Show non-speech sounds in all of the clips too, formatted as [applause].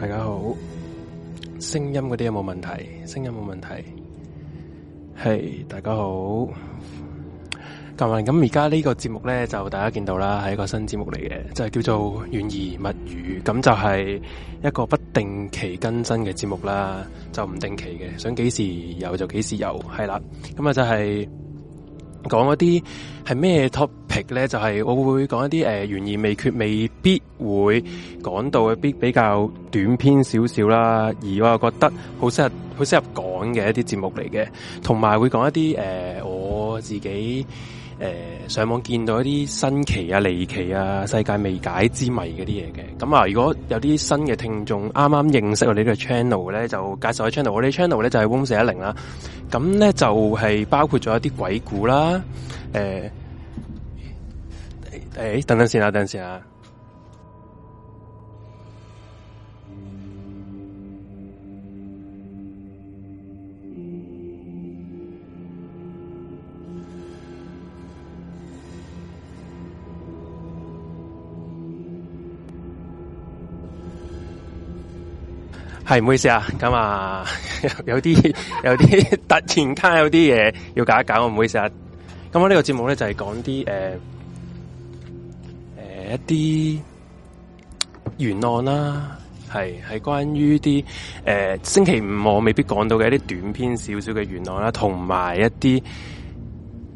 大家好，聲音嗰啲有冇問題？聲音冇問題，係、hey, 大家好。咁啊，咁而家呢個節目咧，就大家見到啦，係一個新節目嚟嘅，就係、是、叫做《懸疑物語》，咁就係一個不定期更新嘅節目啦，就唔定期嘅，想幾時有就幾時有，係啦，咁啊就係、是。講一啲係咩 topic 咧？就係、是、我會講一啲誒懸而未決，未必會講到一比比較短篇少少啦。而我又覺得好適合好適合講嘅一啲節目嚟嘅，同埋會講一啲誒、呃、我自己。誒、呃，上網見到一啲新奇啊、離奇啊、世界未解之謎嗰啲嘢嘅，咁啊，如果有啲新嘅聽眾啱啱認識我哋呢個 channel 咧，就介紹下 channel，我哋 channel 咧就係 Room 四一零啦，咁咧就係、是、包括咗一啲鬼故啦，誒、呃、誒、哎，等等先啦，等等先啊。係唔好意思啊，咁、嗯、啊有啲有啲突然間有啲嘢要搞一搞，我唔好意思啊。咁我呢個節目咧就係講啲誒誒一啲懸、呃呃、案啦，係係關於啲誒星期五我未必講到嘅一啲短篇少少嘅懸案啦，同埋一啲誒。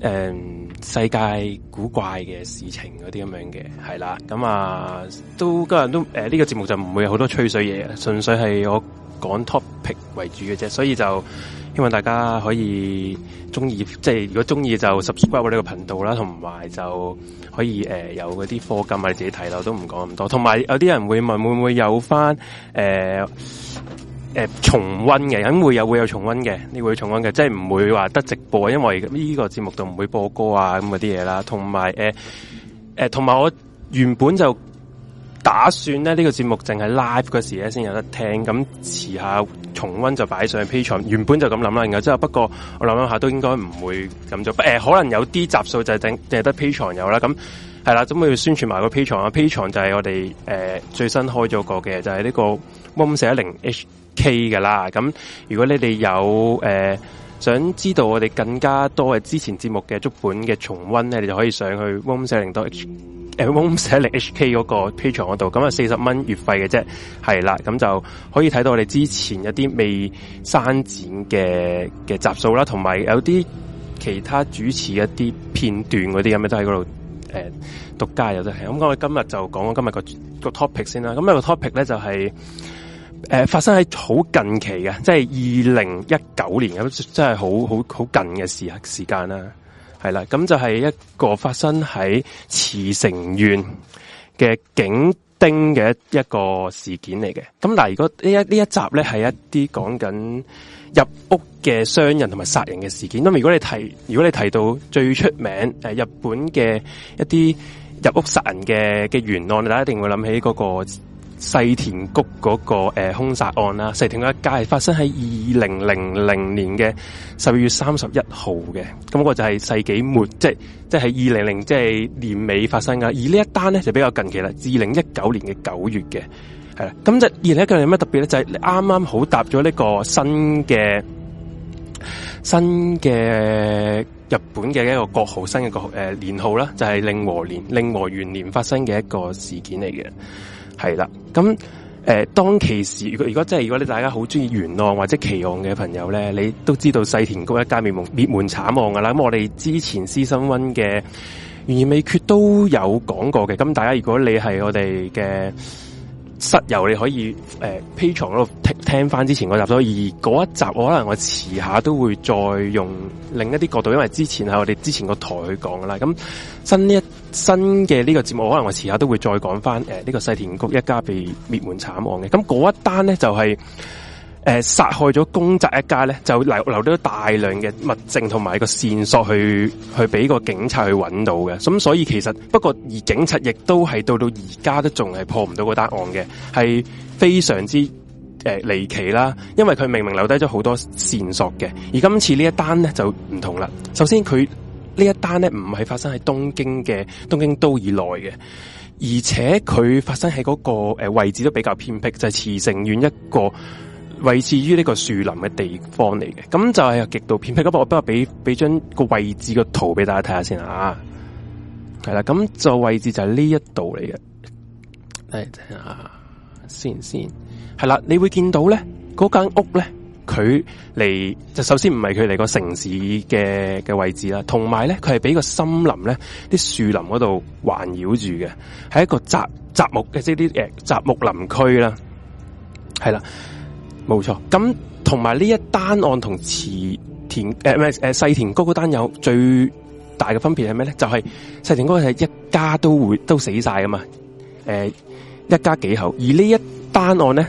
呃世界古怪嘅事情嗰啲咁樣嘅，係啦，咁啊都個人都誒呢、呃這個節目就唔會有好多吹水嘢，純粹係我講 topic 為主嘅啫，所以就希望大家可以中意，即係如果中意就 subscribe 我呢個頻道啦，同埋就可以誒、呃、有嗰啲課金啊自己睇啦，都唔講咁多。同埋有啲人會問會唔會有翻誒？呃誒、呃，重溫嘅，肯定有會有重溫嘅，你會有重溫嘅，即係唔會話得直播，因為呢個節目就唔會播歌啊咁嗰啲嘢啦，同埋誒誒，同、呃、埋、呃、我原本就打算咧呢、這個節目淨係 live 嗰時咧先有得聽，咁遲下重溫就擺上 P e 原本就咁諗啦，然後之後不過我諗一下都應該唔會咁做。誒、呃，可能有啲集數就整淨係得 P 場有啦，咁係啦，咁要宣傳埋個 P 場啊，P 場、啊、就係、是、我哋誒、呃、最新開咗個嘅，就係、是、呢個 one 一零 H。K 噶啦，咁如果你哋有誒、呃，想知道我哋更加多嘅之前節目嘅足本嘅重温咧，你就可以上去 Room410 H 誒 Room410 HK SellingHK 嗰個 Patreon 嗰度，咁啊四十蚊月費嘅啫，係啦，咁就可以睇到我哋之前一啲未刪剪嘅嘅集數啦，同埋有啲其他主持一啲片段嗰啲咁樣都喺嗰度誒獨家嘅，都係咁。我哋今日就講,講今日個、個 topic 先啦，咁、那、一個 topic 咧就係、是。誒、呃，發生喺好近期嘅，即係二零一九年咁，即係好好好近嘅時時間啦，係啦。咁就係一個發生喺茨城縣嘅警丁嘅一個事件嚟嘅。咁嗱，如果呢一呢一集咧，係一啲講緊入屋嘅傷人同埋殺人嘅事件。咁如果你提，如果你提到最出名誒日本嘅一啲入屋殺人嘅嘅懸案，你一定會諗起嗰、那個。細田谷嗰、那個誒、呃、兇殺案啦，世田谷一家係發生喺二零零零年嘅十二月三十一號嘅，咁個就係世紀末，即係即係二零零即係年尾發生噶。而這一呢一單咧就比較近期啦，二零一九年嘅九月嘅，係啦。咁就，係而呢一個有咩特別咧？就係啱啱好搭咗呢個新嘅新嘅日本嘅一個國號，新嘅國誒、呃、年號啦，就係、是、令和年，令和元年發生嘅一個事件嚟嘅。係啦，咁誒、呃，當其時，如果如果即係如果你大家好中意懸案或者奇案嘅朋友咧，你都知道世田谷一家滅門滅門慘案噶啦。咁我哋之前 season one 嘅懸而未決都有講過嘅。咁大家如果你係我哋嘅。室友你可以誒 Patreon 嗰度聽返翻之前嗰集咯，而嗰一集我可能我遲下都會再用另一啲角度，因為之前係我哋之前個台去講噶啦。咁新一新嘅呢個節目，可能我遲下都會再講翻誒呢個世田谷一家被滅門慘案嘅。咁嗰一單咧就係、是。誒、呃，殺害咗公宅一家咧，就留留咗大量嘅物證同埋個線索去，去去俾個警察去揾到嘅。咁所以其實，不過而警察亦都係到到而家都仲係破唔到個單案嘅，係非常之誒離、呃、奇啦。因為佢明明留低咗好多線索嘅，而今次這一呢一單咧就唔同啦。首先佢呢一單咧唔係發生喺東京嘅東京都以內嘅，而且佢發生喺嗰個誒位置都比較偏僻，就係、是、茨城縣一個。位置於呢個樹林嘅地方嚟嘅，咁就係極度偏僻。咁我不如俾俾張個位置個圖俾大家睇下先吓，係啦，咁就位置就係呢一度嚟嘅。嚟下先先，係啦，你會見到咧，嗰間屋咧，佢嚟就首先唔係佢嚟個城市嘅嘅位置啦，同埋咧，佢係俾個森林咧啲樹林嗰度環繞住嘅，係一個雜雜木嘅即係啲誒雜木林區啦，係啦。啊冇錯，咁同埋呢一單案同池田誒，唔係誒世田谷嗰單有最大嘅分別係咩咧？就係、是、世田谷係一家都會都死晒噶嘛，誒、呃、一家幾口，而呢一單案咧，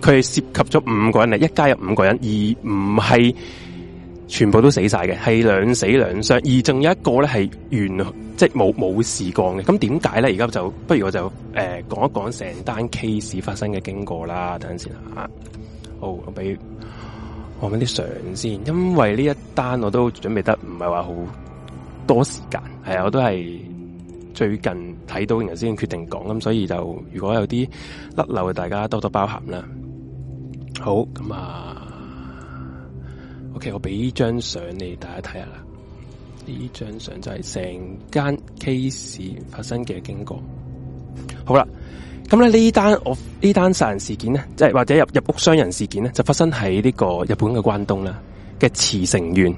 佢係涉及咗五個人嚟，一家有五個人，而唔係全部都死晒嘅，係兩死兩傷，而仲有一個咧，係完即係冇冇事過嘅。咁點解咧？而家就不如我就誒講、呃、一講成單 case 發生嘅經過啦。等陣先好，我俾我搵啲相先，因為呢一單我都準備得唔係話好多時間，係啊，我都係最近睇到然後先決定講，咁所以就如果有啲甩漏，大家多多包涵啦。好，咁啊，OK，我俾張相你大家睇下啦，呢張相就係成間 case 發生嘅經過。好啦。咁咧呢單我呢單殺人事件咧，即係或者入入屋傷人事件咧，就發生喺呢個日本嘅關東啦嘅茨城縣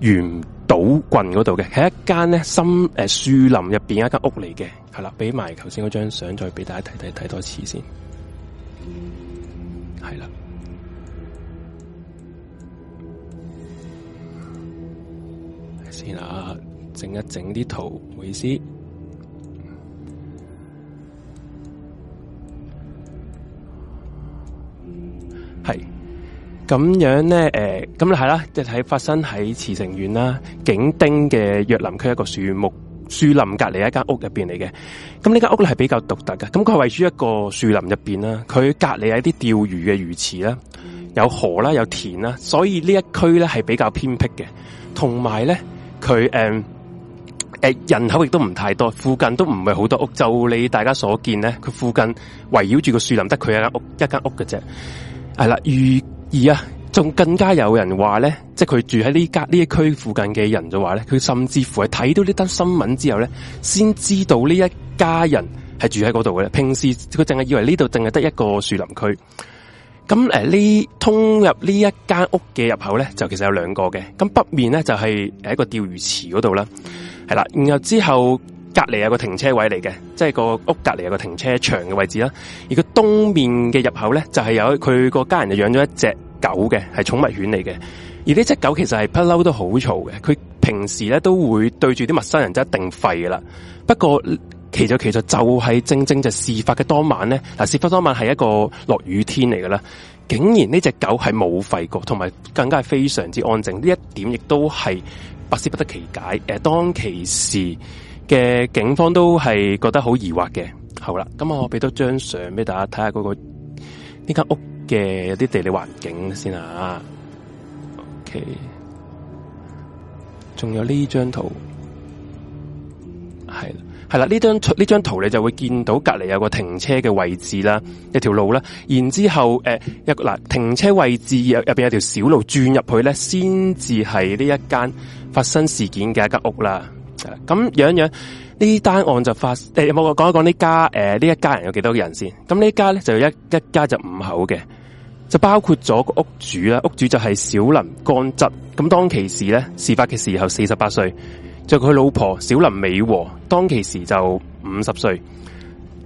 猿島郡嗰度嘅，喺一間咧深誒、呃、樹林入邊一間屋嚟嘅。係啦，俾埋頭先嗰張相，再俾大家睇睇睇多次先，係啦，先啊，整一整啲圖，唔好意思。咁樣咧，誒、呃，咁係啦，即係、就是、發生喺茨城縣啦，景丁嘅若林區一個樹木樹林隔籬一間屋入邊嚟嘅。咁呢間屋咧係比較獨特嘅，咁佢係位於一個樹林入邊啦。佢隔籬係一啲釣魚嘅魚池啦，有河啦，有田啦，所以呢一區咧係比較偏僻嘅。同埋咧，佢誒，誒、呃呃，人口亦都唔太多，附近都唔係好多屋。就你大家所見咧，佢附近圍繞住個樹林，得佢一間屋，一間屋嘅啫。係啦，如。而啊，仲更加有人話咧，即係佢住喺呢間、呢一區附近嘅人就話咧，佢甚至乎係睇到呢單新聞之後咧，先知道呢一家人係住喺嗰度嘅咧。平時佢淨係以為呢度淨係得一個樹林區。咁誒，呢通入呢一間屋嘅入口咧，就其實有兩個嘅。咁北面咧就係、是、誒一個釣魚池嗰度啦，係啦。然後之後。隔籬有個停車位嚟嘅，即係個屋隔籬有個停車場嘅位置啦。而佢東面嘅入口咧，就係有佢個家人就養咗一隻狗嘅，係寵物犬嚟嘅。而呢隻狗其實係不嬲都好嘈嘅，佢平時咧都會對住啲陌生人就一定吠噶啦。不過其實其實就係、就是、正正就事發嘅當晚咧，嗱，事發當晚係一個落雨天嚟噶啦，竟然呢隻狗係冇吠過，同埋更加係非常之安靜。呢一點亦都係百思不得其解。誒，當其時。嘅警方都係覺得好疑惑嘅。好啦，咁我俾多張相俾大家睇下嗰個呢間屋嘅一啲地理環境先啊。OK，仲有呢張圖係啦，係啦，呢張呢張圖你就會見到隔籬有個停車嘅位置啦，一條路啦，然之後誒一嗱，停車位置入入邊有條小路轉入去咧，先至係呢一間發生事件嘅一間屋啦。咁樣樣呢單案就發誒，冇我講一講呢家誒呢、呃、一家人有幾多個人先？咁呢家咧就有一一家就五口嘅，就包括咗個屋主啦。屋主就係小林乾則，咁當其時咧事發嘅時候四十八歲，就佢、是、老婆小林美和，當其時就五十歲。誒、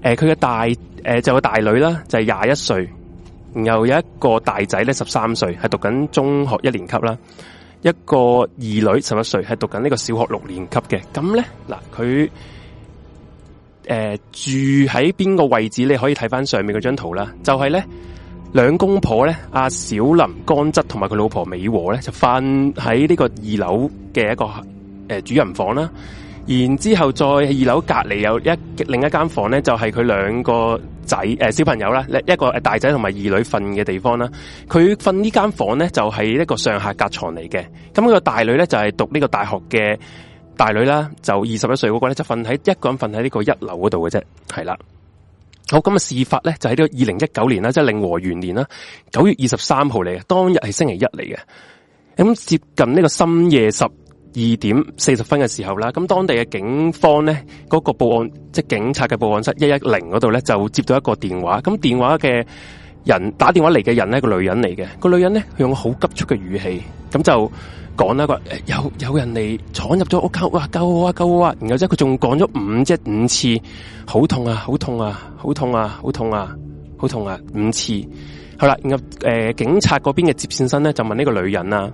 呃，佢嘅大誒、呃、就個大女啦，就係廿一歲，然後有一個大仔咧十三歲，係讀緊中學一年級啦。一個二女十一歲，係讀緊呢個小學六年級嘅。咁咧嗱，佢誒住喺邊個位置？你可以睇翻上面嗰張圖啦，就係咧兩公婆咧，阿小林江澤同埋佢老婆美和咧就瞓喺呢個二樓嘅一個誒主人房啦。然之後再二樓隔籬有一另一間房咧，就係、是、佢兩個仔誒、呃、小朋友啦，一一個大仔同埋二女瞓嘅地方啦。佢瞓呢間房咧就係、是、一個上下隔床嚟嘅。咁、那個大女咧就係、是、讀呢個大學嘅大女啦，就二十一歲嗰個咧就瞓喺一個人瞓喺呢個一樓嗰度嘅啫。係啦，好咁啊！事發咧就喺呢個二零一九年啦，即係令和元年啦，九月二十三號嚟嘅，當日係星期一嚟嘅。咁接近呢個深夜十二點四十分嘅時候啦，咁當地嘅警方咧，嗰、嗰個報案即係警察嘅報案室一一零嗰度咧，就接到一個電話。咁電話嘅人打電話嚟嘅人咧，係一個女人嚟嘅，嗰個女人咧佢用個好急促嘅語氣，咁就講啦個，有有人嚟闖入咗屋企，哇！救我啊！救我啊！然後即佢仲講咗五只五次，好痛啊！好痛啊！好痛啊！好痛啊！好痛啊！五次，好啦。然後誒、呃，警察嗰邊嘅接線生咧就問呢個女人啊。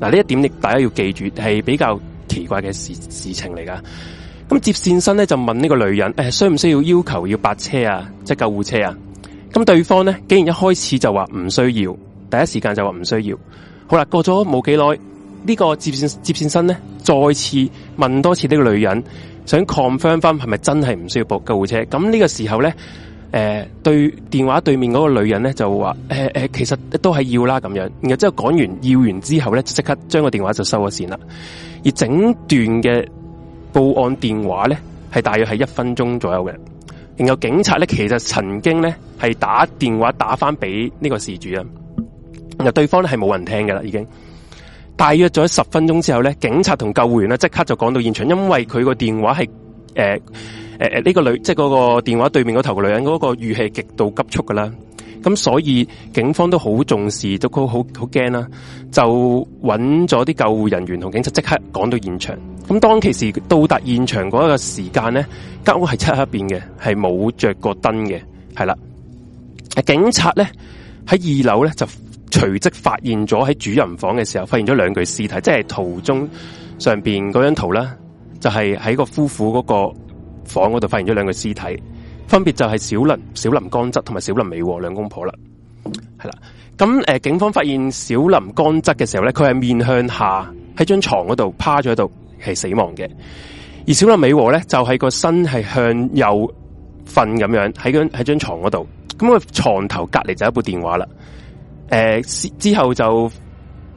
嗱，呢一點你大家要記住，係比較奇怪嘅事事情嚟噶。咁接綫生咧就問呢個女人，誒、哎，需唔需要要求要白車啊，即係救護車啊？咁對方咧竟然一開始就話唔需要，第一時間就話唔需要。好啦，過咗冇幾耐，呢、這個接綫接綫生咧再次問多次呢個女人，想 confirm 翻係咪真係唔需要報救護車？咁呢個時候咧。誒、呃，對電話對面嗰個女人咧就話，誒、呃、誒、呃，其實都係要啦咁樣。然後之後講完要完之後咧，即刻將個電話就收咗線啦。而整段嘅報案電話咧，係大約係一分鐘左右嘅。然後警察咧，其實曾經咧係打電話打翻俾呢個事主啊。然後對方咧係冇人聽㗎啦，已經。大約咗十分鐘之後咧，警察同救護員咧即刻就趕到現場，因為佢個電話係誒。呃誒、呃、誒、呢、呢個女即係嗰個電話對面嗰頭個女人嗰個語氣極度急促噶啦，咁所以警方都好重視，都好好驚啦，就揾咗啲救護人員同警察即刻趕到現場。咁當其時到達現場嗰一個時間咧，間屋係漆黑邊嘅，係冇着個燈嘅，係啦。警察咧喺二樓咧就隨即發現咗喺主人房嘅時候，發現咗兩具屍體，即係圖中上邊嗰張圖啦，就係，是，喺個夫婦嗰，嗰個。房嗰度發現咗兩個屍體，分別就係小林小林江則同埋小林美和兩公婆啦。係啦，咁誒、呃，警方發現小林江則嘅時候咧，佢係面向下喺張床嗰度趴咗喺度，係死亡嘅。而小林美和咧就係、是、個身係向右瞓咁樣喺張喺張床嗰度。咁佢床頭隔籬就一部電話啦。誒、呃，之後就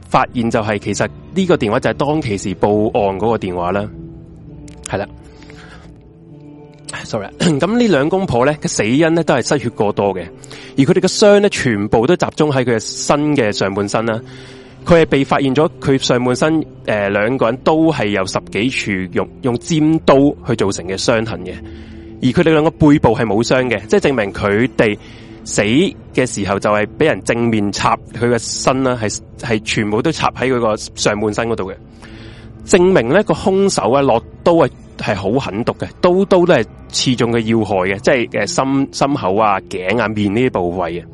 發現就係、是、其實呢個電話就係當其時報案嗰個電話啦。係啦。Sorry，咁 [coughs] 呢兩公婆咧，佢死因咧都係失血過多嘅，而佢哋嘅傷咧全部都集中喺佢嘅身嘅上半身啦。佢係被發現咗，佢上半身誒兩、呃、個人都係由十幾處用用尖刀去造成嘅傷痕嘅，而佢哋兩個背部係冇傷嘅，即係證明佢哋死嘅時候就係俾人正面插佢嘅身啦，係係全部都插喺佢個上半身嗰度嘅，證明咧個兇手啊落刀係、啊。係好狠毒嘅，刀刀都係刺中嘅要害嘅，即係誒、呃、心心口啊、頸啊、面呢啲部位啊，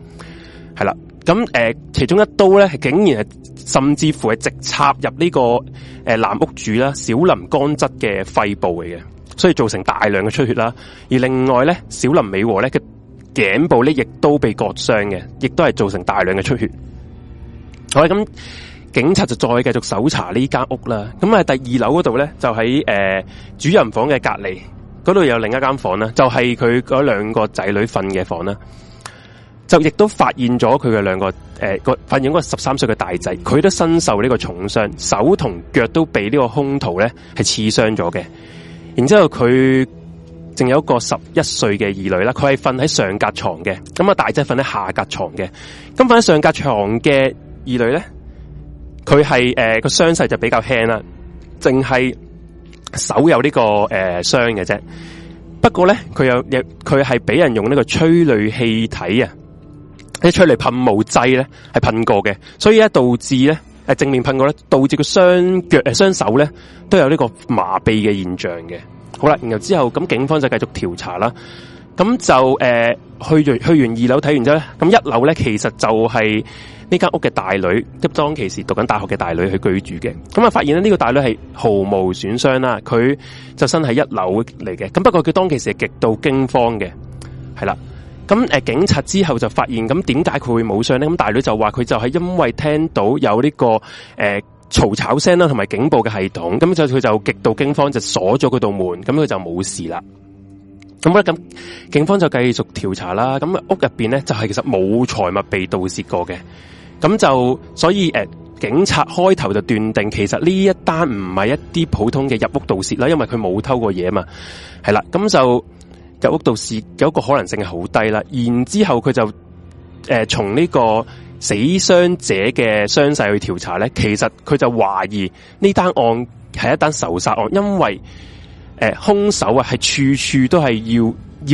係啦。咁誒、呃，其中一刀咧，竟然係甚至乎係直插入呢、這個誒男、呃、屋主啦，小林光則嘅肺部嚟嘅，所以造成大量嘅出血啦。而另外咧，小林美和咧嘅頸部咧，亦都被割傷嘅，亦都係造成大量嘅出血。好啦，咁。警察就再繼續搜查呢間屋啦，咁喺第二樓嗰度咧，就喺誒、呃、主人房嘅隔離嗰度有另一間房啦，就係佢嗰兩個仔女瞓嘅房啦，就亦都發現咗佢嘅兩個誒個、呃、發現嗰個十三歲嘅大仔，佢都身受呢個重傷，手同腳都被個呢個兇徒咧係刺傷咗嘅，然之後佢，仲有一個十一歲嘅二女啦，佢係瞓喺上格床嘅，咁啊大仔瞓喺下格床嘅，咁瞓喺上格床嘅二女咧。佢係誒個傷勢就比較輕啦，淨係手有呢個誒傷嘅啫。不過咧，佢有佢係俾人用呢個催淚氣體啊，一出嚟催淚噴霧劑咧係噴過嘅，所以咧導致咧誒正面噴過咧，導致佢雙腳誒雙手咧都有呢個麻痹嘅現象嘅。好啦，然後之後咁警方就繼續調查啦。咁就誒、呃、去完去完二樓睇完之後咧，咁一樓咧其實就係呢間屋嘅大女，即當其時讀緊大學嘅大女去居住嘅。咁啊，發現咧呢個大女係毫無損傷啦，佢就身喺一樓嚟嘅。咁不過佢當其時係極度驚慌嘅，係啦。咁誒，警察之後就發現，咁點解佢會冇傷咧？咁大女就話佢就係因為聽到有呢、這個誒嘈、呃、吵聲啦，同埋警報嘅系統，咁就佢就極度驚慌，就鎖咗佢道門，咁佢就冇事啦。咁咧，咁警方就繼續調查啦。咁屋入邊咧，就係、是、其實冇財物被盜竊過嘅。咁就所以誒、呃，警察開頭就斷定，其實呢一單唔係一啲普通嘅入屋盜竊啦，因為佢冇偷過嘢嘛。係啦，咁就入屋盜竊有一個可能性係好低啦。然之後佢就誒、呃，從呢個死傷者嘅傷勢去調查咧，其實佢就懷疑呢單案係一單仇殺案，因為。誒、呃，凶手啊，係處處都係要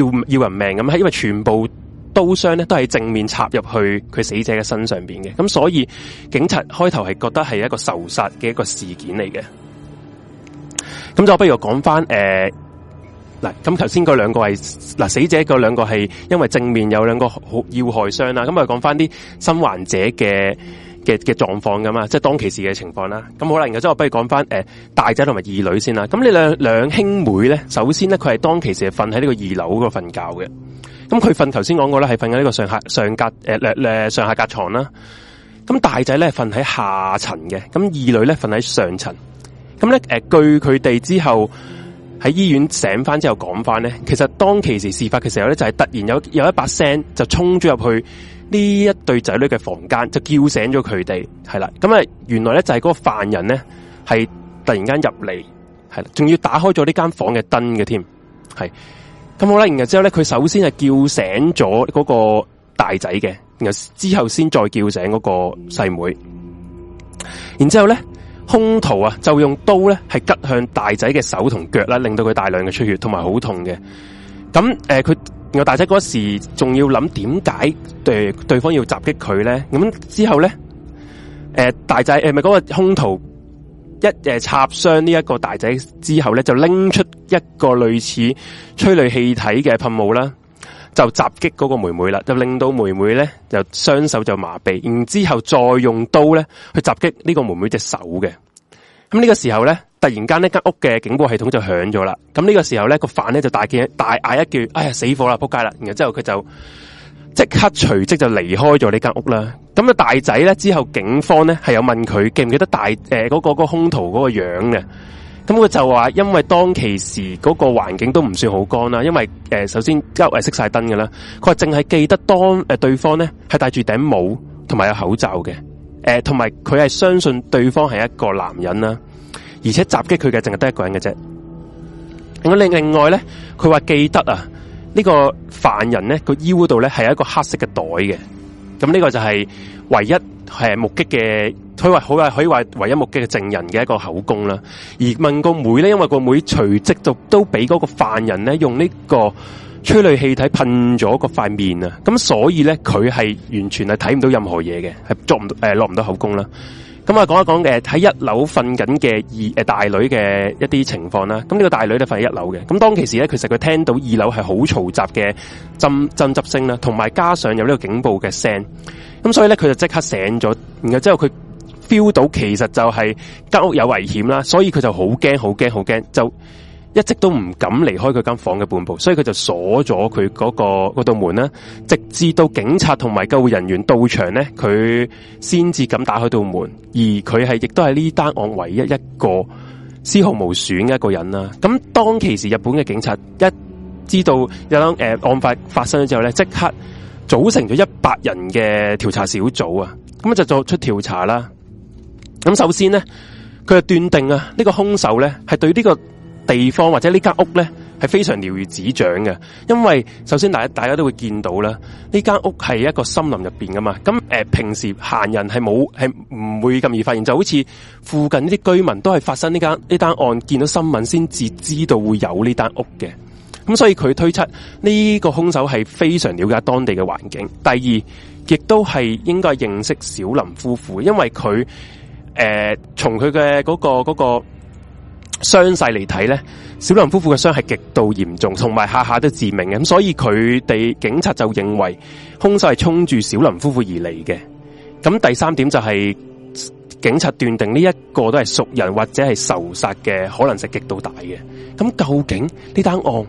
要要人命咁，係因為全部刀傷咧都係正面插入去佢死者嘅身上邊嘅，咁所以警察開頭係覺得係一個仇殺嘅一個事件嚟嘅。咁就我不如講翻誒，嗱、呃，咁頭先嗰兩個係嗱、呃，死者嘅兩個係因為正面有兩個好要害傷啦，咁啊講翻啲生還者嘅。嘅嘅狀況噶嘛，即係當其時嘅情況啦。咁好啦，然後我不如講翻誒大仔同埋二女先啦。咁呢兩兩兄妹咧，首先咧佢係當其時係瞓喺呢個二樓嗰個瞓覺嘅。咁佢瞓頭先講過咧，係瞓喺呢個上下上格誒、呃呃、上下格床啦。咁大仔咧瞓喺下層嘅，咁二女咧瞓喺上層。咁咧誒，據佢哋之後喺醫院醒翻之後講翻咧，其實當其時事發嘅時候咧，就係、是、突然有有一把聲就衝咗入去。呢一對仔女嘅房間就叫醒咗佢哋，係啦，咁啊，原來咧就係嗰個犯人咧係突然間入嚟，係啦，仲要打開咗呢間房嘅燈嘅添，係，咁好啦。然後之後咧，佢首先係叫醒咗嗰個大仔嘅，然後之後先再叫醒嗰個細妹、妹。然之後咧，兇徒啊就用刀咧係拮向大仔嘅手同腳啦，令到佢大量嘅出血，同埋好痛嘅。咁誒，佢、呃。然後大仔嗰時仲要諗點解對對方要襲擊佢咧？咁之後咧，誒、呃、大仔誒咪嗰個凶徒一誒、呃、插傷呢一個大仔之後咧，就拎出一個類似催淚氣體嘅噴霧啦，就襲擊嗰個妹妹啦，就令到妹妹咧就雙手就麻痹，然之後再用刀咧去襲擊呢個妹妹隻手嘅。咁、這、呢個時候咧，突然間呢間屋嘅警報系統就響咗啦。咁、這、呢個時候咧，個犯咧就大叫大嗌一句：哎呀死火啦，扑街啦！然後之後佢就即刻隨即就離開咗呢間屋啦。咁啊大仔咧之後，警方咧係有問佢記唔記得大誒嗰、呃那個、那個那個兇徒嗰個樣嘅。咁佢就話因為當其時嗰個環境都唔算好干啦，因為誒、呃、首先周圍熄晒燈㗎啦，佢話淨係記得當誒、呃、對方咧係戴住頂帽同埋有口罩嘅。誒、呃，同埋佢係相信對方係一個男人啦、啊，而且襲擊佢嘅淨係得一個人嘅啫。咁另另外咧，佢話記得啊，呢、呢個犯人咧個腰度咧係一個黑色嘅袋嘅，咁呢個就係唯，唯一目擊嘅，佢話話可以話可以話唯一目擊嘅證人嘅一個口供啦。而問個妹咧，因為個妹隨即就都俾嗰個犯人咧用呢、呢個。催淚氣體噴咗個塊面啊！咁所以咧，佢係完全係睇唔到任何嘢嘅，係捉唔誒落唔到口供啦。咁、嗯、啊，講一講嘅喺一樓瞓緊嘅二誒、呃、大女嘅一啲情況啦。咁、嗯、呢、這個大女咧瞓喺一樓嘅。咁、嗯、當其時咧，其實佢聽到二樓係好嘈雜嘅震震執聲啦，同埋加上有呢個警報嘅聲。咁、嗯、所以咧，佢就即刻醒咗，然後之後佢 feel 到其實就係間屋有危險啦，所以佢就好驚、好驚、好驚就。一直都唔敢離開佢間房嘅半步，所以佢就鎖咗佢嗰個嗰道門啦，直至到警察同埋救護人員到場咧，佢先至敢打開道門。而佢係亦都係呢單案唯一一個絲毫無損嘅一個人啦。咁當其時，日本嘅警察一知道有誒案發發生咗之後咧，即刻組成咗一百人嘅調查小組啊，咁就作出調查啦。咁首先呢，佢就斷定啊，呢個兇手咧係對呢個。地方或者間呢間屋咧，係非常了如指掌嘅。因為首先，大家大家都會見到啦，呢間屋係一個森林入邊噶嘛。咁誒、呃，平時行人係冇係唔會咁易發現，就好似附近呢啲居民都係發生呢間呢單案，見到新聞先至知道會有呢單屋嘅。咁所以佢推測呢，這個兇手係非常了解當地嘅環境。第二，亦都係應該認識小林夫婦，因為佢誒，從佢嘅嗰個嗰個。那個傷勢嚟睇咧，小林夫婦嘅傷係極度嚴重，同埋下下都致命嘅，咁所以佢哋警察就認為，凶手係衝住小林夫婦而嚟嘅。咁第三點就係，警察斷定呢一個都係熟人或者係仇殺嘅，可能性極度大嘅。咁究竟呢單案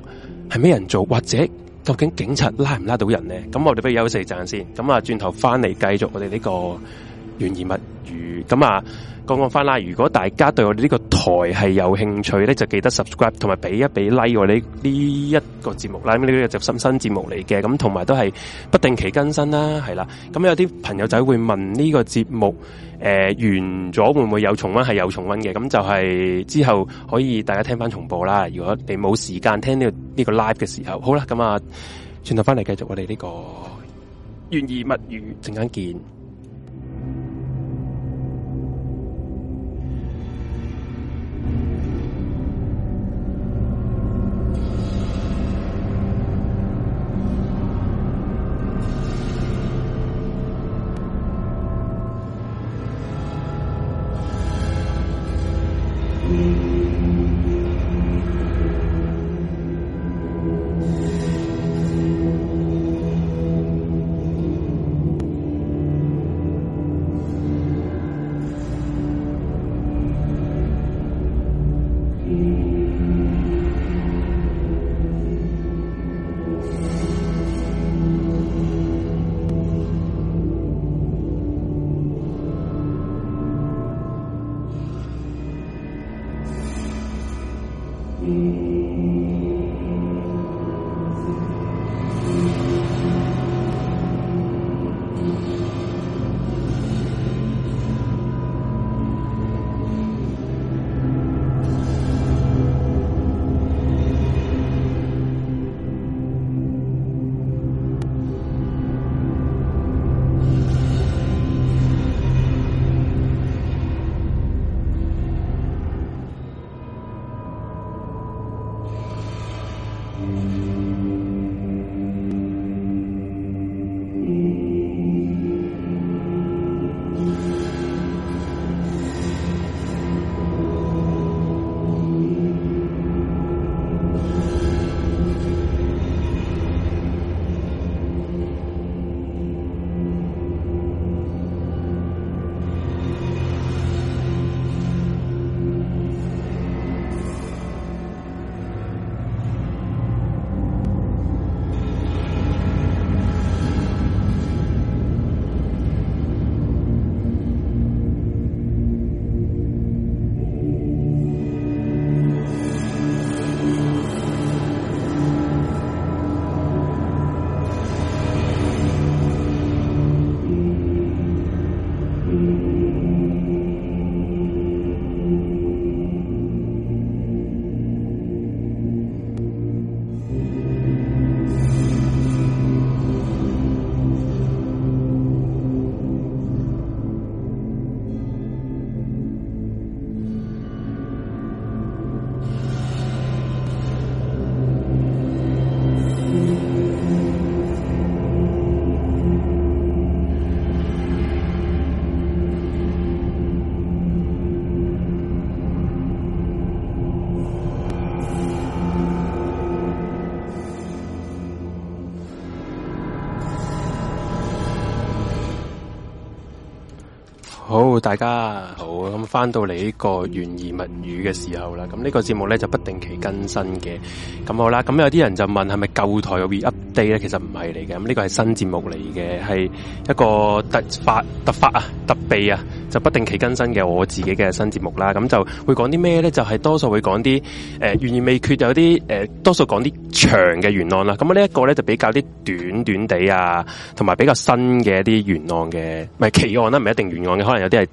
係咩人做，或者究竟警察拉唔拉到人呢？咁我哋不如休息一陣先，咁啊轉頭翻嚟繼續我哋呢、這個。懸疑物語咁啊，講講翻啦。如果大家對我哋呢個台係有興趣咧，就記得 subscribe 同埋俾一俾 like 我呢呢一個節目啦。咁、這、呢個就新新節目嚟嘅，咁同埋都係不定期更新啦，係啦。咁有啲朋友仔會問呢個節目，誒、呃，完咗會唔會有重温？係有重温嘅，咁就係之後可以大家聽翻重播啦。如果你冇時間聽呢、這、呢、個這個 live 嘅時候，好啦，咁啊，轉頭翻嚟繼續我哋呢個懸疑物語，陣間見。好，大家好，咁翻到嚟呢個懸疑物語嘅時候啦，咁呢個節目咧就不定期更新嘅，咁好啦，咁有啲人就問係咪舊台嘅 update 咧，其實唔係嚟嘅，咁呢個係新節目嚟嘅，係一個突發突發啊，特備啊，就不定期更新嘅我自己嘅新節目啦，咁就會講啲咩咧，就係、是、多數會講啲誒懸疑未決有啲誒、呃，多數講啲長嘅懸案啦，咁呢一個咧就比較啲短短哋啊，同埋比較新嘅一啲懸案嘅，唔係奇案啦、啊，唔係一定懸案嘅，可能。有啲係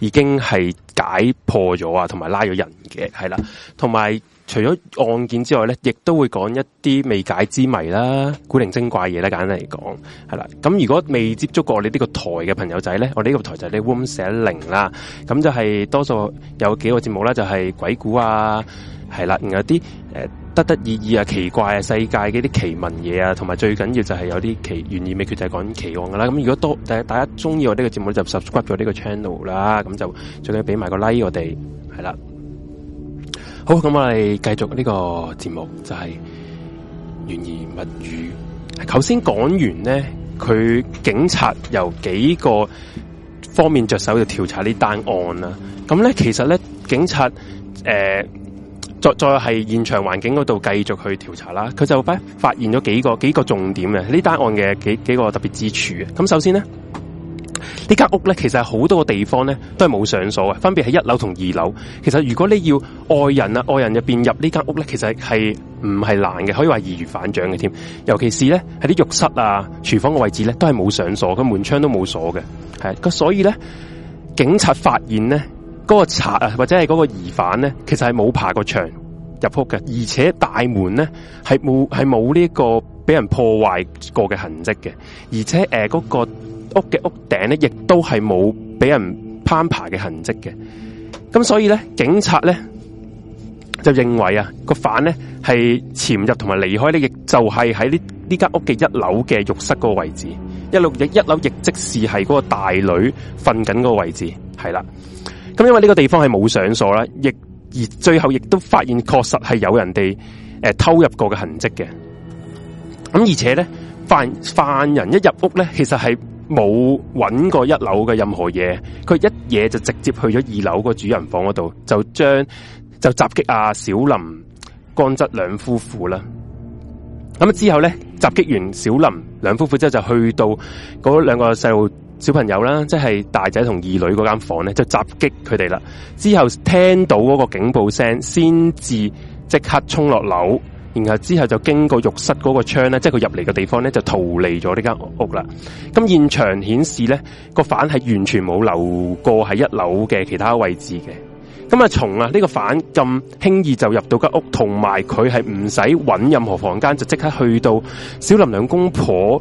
已經係解破咗啊，同埋拉咗人嘅係啦，同埋除咗案件之外咧，亦都會講一啲未解之謎啦、古靈精怪嘢啦，簡單嚟講係啦。咁如果未接觸過你呢個台嘅朋友仔咧，我呢個台就係 Room 410啦，咁就係多數有幾個節目咧，就係、是、鬼故啊。係啦，然後有啲誒、呃、得得意意啊，奇怪啊，世界嘅啲奇聞嘢啊，同埋最緊要就係有啲奇懸疑未決就係講奇案噶啦。咁如果多大家中意我呢個節目就 subscribe 咗呢個 channel 啦，咁就最緊要俾埋個 like 我哋係啦。好，咁我哋繼續呢個節目就係懸疑物語。頭先講完呢，佢警察由幾個方面着手去調查呢單案啦。咁咧其實咧，警察誒。呃再再係現場環境嗰度繼續去調查啦，佢就發發現咗幾個幾個重點嘅呢單案嘅幾幾個特別之處嘅。咁首先呢，呢呢間屋咧其實係好多個地方咧都係冇上鎖嘅，分別係一樓同二樓。其實如果你要外人啊外人面入邊入呢間屋咧，其實係唔係難嘅，可以話易如反掌嘅添。尤其是咧喺啲浴室啊、廚房嘅位置咧都係冇上鎖，個門窗都冇鎖嘅。係，咁所以咧，警察發現咧。嗰個賊啊，或者係嗰個疑犯咧，其實係冇爬過牆入屋嘅，而且大門咧係冇係冇呢個俾人破壞過嘅痕跡嘅，而且誒嗰個屋嘅屋頂咧，亦都係冇俾人攀爬嘅痕跡嘅。咁所以咧，警察咧就認為啊，個犯咧係潛入同埋離開咧，亦就係喺呢呢間屋嘅一樓嘅浴室嗰個位置，一樓一樓亦即是係嗰個大女瞓緊個位置，係啦。咁因為呢個地方係冇上鎖啦，亦而最後亦都發現確實係有人哋誒偷入過嘅痕跡嘅。咁而且咧，犯犯人一入屋咧，其實係冇揾過一樓嘅任何嘢，佢一嘢就直接去咗二樓個主人房嗰度，就將就襲擊阿小林光則兩夫婦啦。咁之後咧襲擊完小林兩夫婦之後，就去到嗰兩個細路，小朋友啦，即係大仔同二女嗰間房咧，就襲擊佢哋啦。之後聽到嗰個警報聲，先至即刻衝落樓，然後之後就經過浴室嗰個窗咧，即係佢入嚟嘅地方咧，就逃離咗呢間屋啦。咁現場顯示咧，個犯係完全冇留過喺一樓嘅其他位置嘅。咁啊，從啊呢個犯咁輕易就入到間屋，同埋佢係唔使搵任何房間就即刻去到小林兩公婆。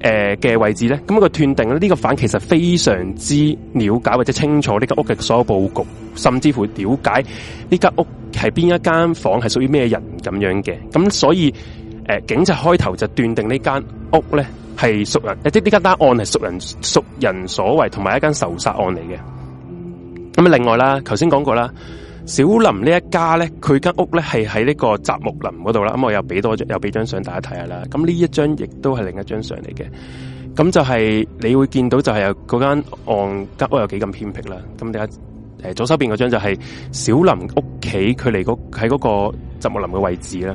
誒、呃、嘅位置咧，咁佢斷定呢、個反其實非常之了解或者清楚呢間屋嘅所有佈局，甚至乎了解呢間屋係邊一間房係屬於咩人咁樣嘅。咁所以誒、呃，警察開頭就斷定呢間屋咧係熟人，即呢間單案係熟人熟人所為，同埋一間仇殺案嚟嘅。咁啊，另外啦，頭先講過啦。小林呢一家咧，佢間屋咧係喺呢個雜木林嗰度啦。咁我又俾多張，又俾張相大家睇下啦。咁呢一張亦都係另一張相嚟嘅。咁就係、是、你會見到就係有嗰間按間屋有幾咁偏僻啦。咁第一誒，左手邊嗰張就係小林屋企，佢離嗰喺嗰個雜木林嘅位置啦。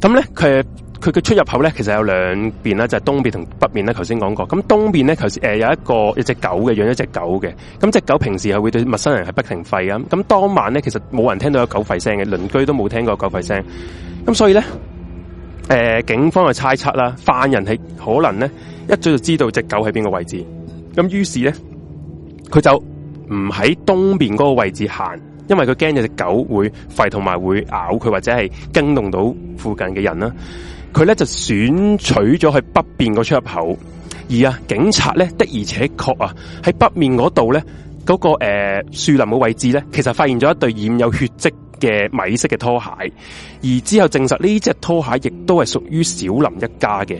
咁咧佢。佢嘅出入口咧，其實有兩邊啦，就係、是、東邊同北面啦。頭先講過，咁東邊咧，頭先誒，有一個有一隻狗嘅，養咗一隻狗嘅。咁隻狗平時係會對陌生人係不停吠咁。咁當晚咧，其實冇人聽到有狗吠聲嘅，鄰居都冇聽過狗吠聲。咁所以咧，誒、呃、警方嘅猜測啦，犯人係可能咧一早就知道隻狗喺邊個位置。咁於是咧，佢就唔喺東邊嗰個位置行，因為佢驚有隻狗會吠同埋會咬佢，或者係驚動到附近嘅人啦。佢咧就選取咗去北邊個出入口，而啊，警察咧的而且確啊，喺北面嗰度咧嗰個誒樹林嘅位置咧，其實發現咗一對染有血跡嘅米色嘅拖鞋，而之後證實呢隻拖鞋亦都係屬於小林一家嘅，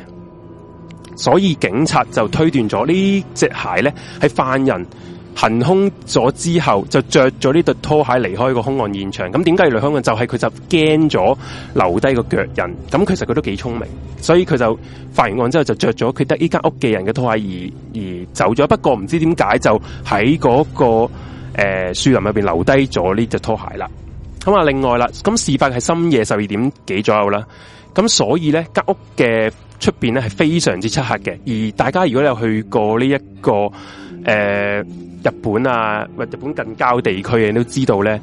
所以警察就推斷咗呢隻鞋咧係犯人。行兇咗之後，就著咗呢對拖鞋離開個凶案現場。咁點解要嚟香港？就係、是、佢就驚咗留低個腳印。咁其實佢都幾聰明，所以佢就發完案之後就著咗佢得呢間屋嘅人嘅拖鞋而而走咗。不過唔知點解就喺嗰、那個誒樹、呃、林入邊留低咗呢對拖鞋啦。咁啊，另外啦，咁事發係深夜十二點幾左右啦。咁所以咧，間屋嘅出邊咧係非常之漆黑嘅。而大家如果有去過呢、這、一個，誒、呃，日本啊，唔係日本近郊地區，你都知道咧。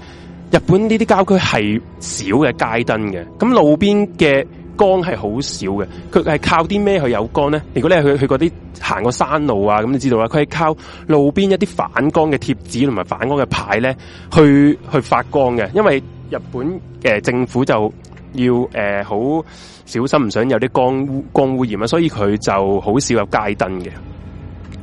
日本呢啲郊區係少嘅街燈嘅，咁路邊嘅光係好少嘅。佢係靠啲咩去有光咧？如果你係去去嗰啲行過山路啊，咁你知道啦，佢係靠路邊一啲反光嘅貼紙同埋反光嘅牌咧，去去發光嘅。因為日本誒、呃、政府就要誒好、呃、小心，唔想有啲光光污染啊，所以佢就好少有街燈嘅。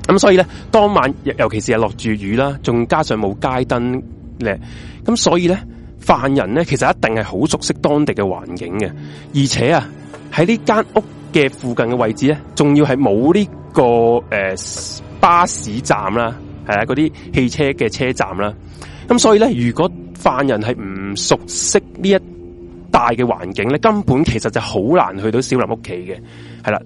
咁所以咧，當晚尤其是係落住雨啦，仲加上冇街燈咧，咁所以咧，犯人咧其實一定係好熟悉當地嘅環境嘅，而且啊，喺呢間屋嘅附近嘅位置咧，仲要係冇呢個誒、呃、巴士站啦，係啊嗰啲汽車嘅車站啦，咁所以咧，如果犯人係唔熟悉呢一帶嘅環境咧，根本其實就好難去到小林屋企嘅，係啦。